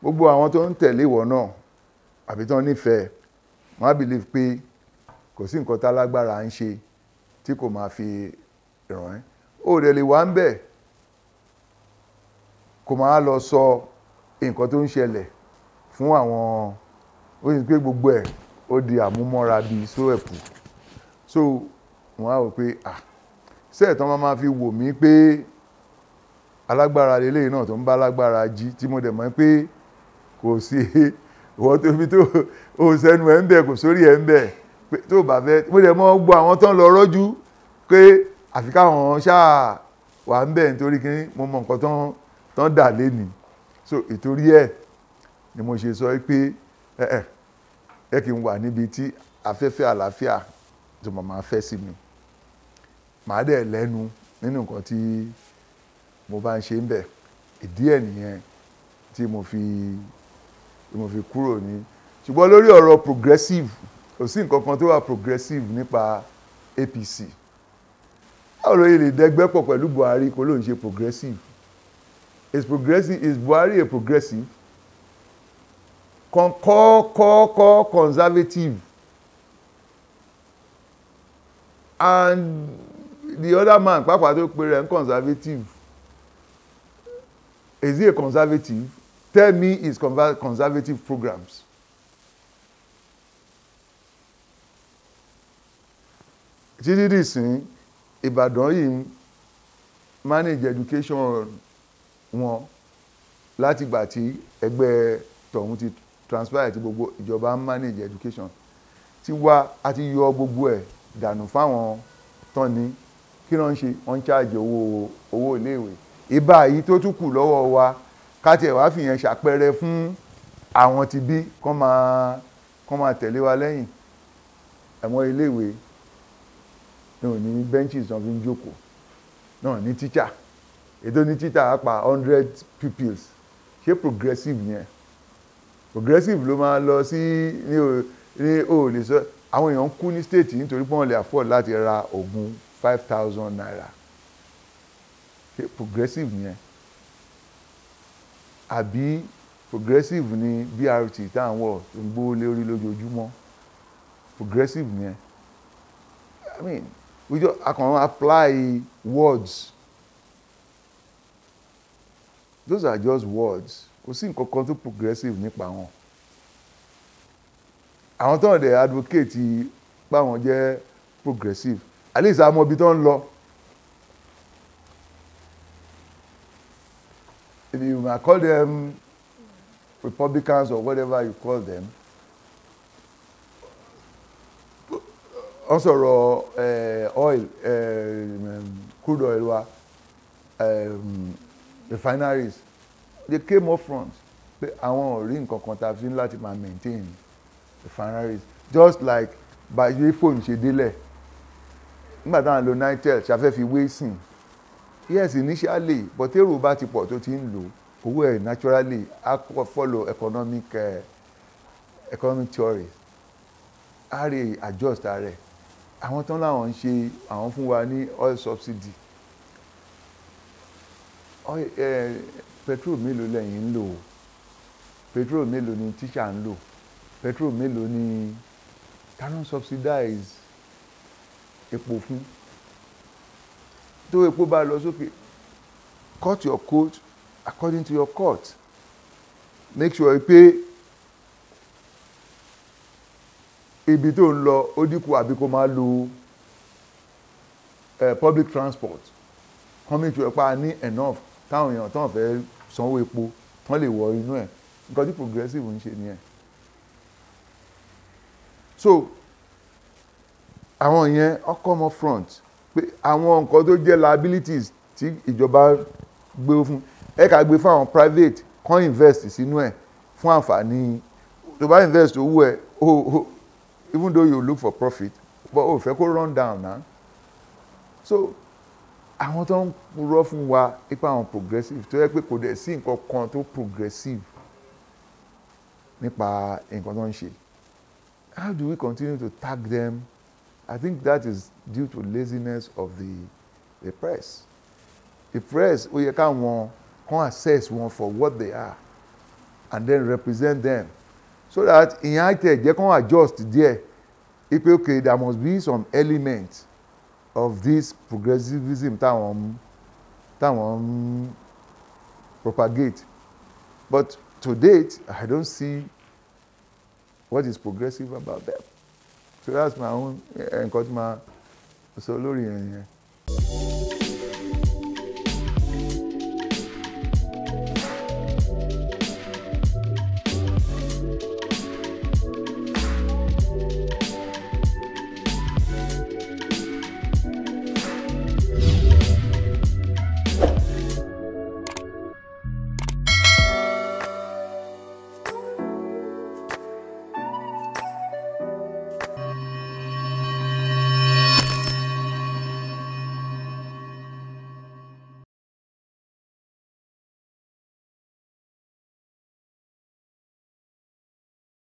[SPEAKER 1] gbogbo àwọn tó ń tẹ̀lé ìwọ náà àbí tán nífẹ̀ẹ́ wọ́n á believe pé kò sí nǹkan tálágbára ń ṣe tí kò máa fi ràn ẹ́ ó rẹ̀ lè wá ń bẹ̀ kò máa lọ sọ nǹkan tó ń ṣẹlẹ̀ fún àwọn ó sì pé gbogbo ẹ̀ ó di àmúmọ́ra bíi sóẹ̀pù so wọ́n á wò pé ah sẹ́ẹ̀ tán máa fi wò mí pé alágbára lélẹ́yìn náà tó ń bá alágbára jí tí mo dẹ̀ mọ̀ pé kò sí ìwọ́n tó fi tó o sẹ́nu ẹ̀ ń bẹ̀ kò sórí ẹ̀ ń bẹ̀ tó bá fẹ́ mo dẹ̀ mọ́ gbọ́ àwọn tán lọ rọ́jú pé àfi káwọn ṣáà wà ń bẹ̀ nítorí kí mo mọ̀ nǹkan tán dà lénìí so ìtorí ẹ̀ ni mo ṣe sọ pé ẹ ẹ ẹ kì í wà níbi tí afẹ́fẹ́ àlàáfíà tó mọ̀ máa fẹ́ sí mi màá dẹ̀ lẹ́nu nínú nǹkan tí mo bá ń ṣe ń bẹ̀ ìdí ẹ̀ nìyẹn tí mo fi tí mo fi kúrò ní ṣùgbọ́n lórí ọ̀rọ̀ progressive kò sí nǹkan kan tó wà progressive nípa APC báwo ló lè dẹgbẹ́ pọ̀ pẹ̀lú Buhari kó ló ṣe progressive is progressive is Buhari a progressive kan kọ́ kọ́ conservative and the other man pàápàá tó pe rẹ̀ ń conservative is he a conservative tell me his conservative programs. títí dìsín Ìbàdàn yìí manage education wọn látìgbà tí ẹgbẹ́ tọ̀hún ti transfer ti gbogbo ìjọba ń manage education ti wá àti yọ gbogbo ẹ̀ dànù fáwọn tán ní kí ló ń ṣe wọ́n ń ṣáàjì owó owó iléèwé ibà yìí tó tún kù lọ́wọ́ wa káti ẹ̀ wá fìyẹn ṣàpẹẹrẹ fún àwọn ti bí kọ́ máa kọ́ máa tẹ̀lé wa lẹ́yìn ẹ̀wọ̀n iléèwé náà ní benches náà fi ń jókòó náà ní tíṣà ètò ní tíṣà á pa hundred pupils ṣé progressive yẹn progressive ló máa lọ sí ní o ní o lè sọ àwọn èèyàn ń kú ní state nítorí pé wọ́n lè afford láti ra oògùn five thousand naira progressive nìyẹn àbí progressive ni BRT tá à ń wọ̀ tó ń gbówó lórí lójoojúmọ́ progressive nìyẹn i mean we just i can apply words those are just words kò sí nǹkan kan tó progressive nípa wọn àwọn tó ń dẹ̀ advocate pàwọn jẹ́ progressive àlèsà àmọ́ ibi tó ń lọ if you ma call them republicans or whatever you call them wọ́n sọ̀rọ̀ eh, oil eh, um, crude oil wa um, refineries they came up front pé àwọn ò rí nǹkan kan tá a fi ní láti máa maintain refineries just like báyìí fóònù ṣe délẹ̀ nígbà táwọn lo nitel ṣàfẹ́fi wéésìn yes initially but èrò bá ti pọ̀ tó ti ń lò owó ẹ̀ naturally á follow economic uh, economic theory á rè adjust rẹ̀ àwọn tán láwọn ń ṣe àwọn fún wa ní oil subsidy oil, eh, petrol mélòó lẹ́yìn ń lò ó petrol mélòó ni tíṣà ń lò petrol mélòó ni canon subsidize epo fún tó epo bá lọ sókè cut your coat according to your cut make sure pé ibi tó ń lọ ó dínkù àbí kó máa lo uh, public transport kọ́mí tó ẹ̀pá ní enough táwọn èèyàn tán fẹ́ sanwó epo tán lè wọ inú ẹ̀ nǹkan tí progressive ń ṣe nìyẹn so àwọn yẹn ọkọ̀ ọmọ front pé àwọn nǹkan tó jẹ́ liabilities tí ìjọba gbé fún ẹ ká gbé fún àwọn private kan invest sínú ẹ̀ fún àǹfààní tó bá invest owó ẹ̀ o even though you look for profit but o fẹ́ kó run down na so àwọn tó ń purọ́ fún wa ipa àwọn progressive tó yẹ pé kò dẹ̀ sí nǹkan kan tó progressive nípa nǹkan tó ń ṣe how do we continue to tag them I think that is due to laziness of the the press. The press ó can káwọn kan assess one for what they are and then represent them so that ìyẹn àìtẹ̀ jẹ́ kan adjust there. If okay there must be some element of this progressivism táwọn táwọn propagate but to date I don't see what is progressive about them so that's my own eh, nǹkan tí màá sọ lórí yẹn yẹn.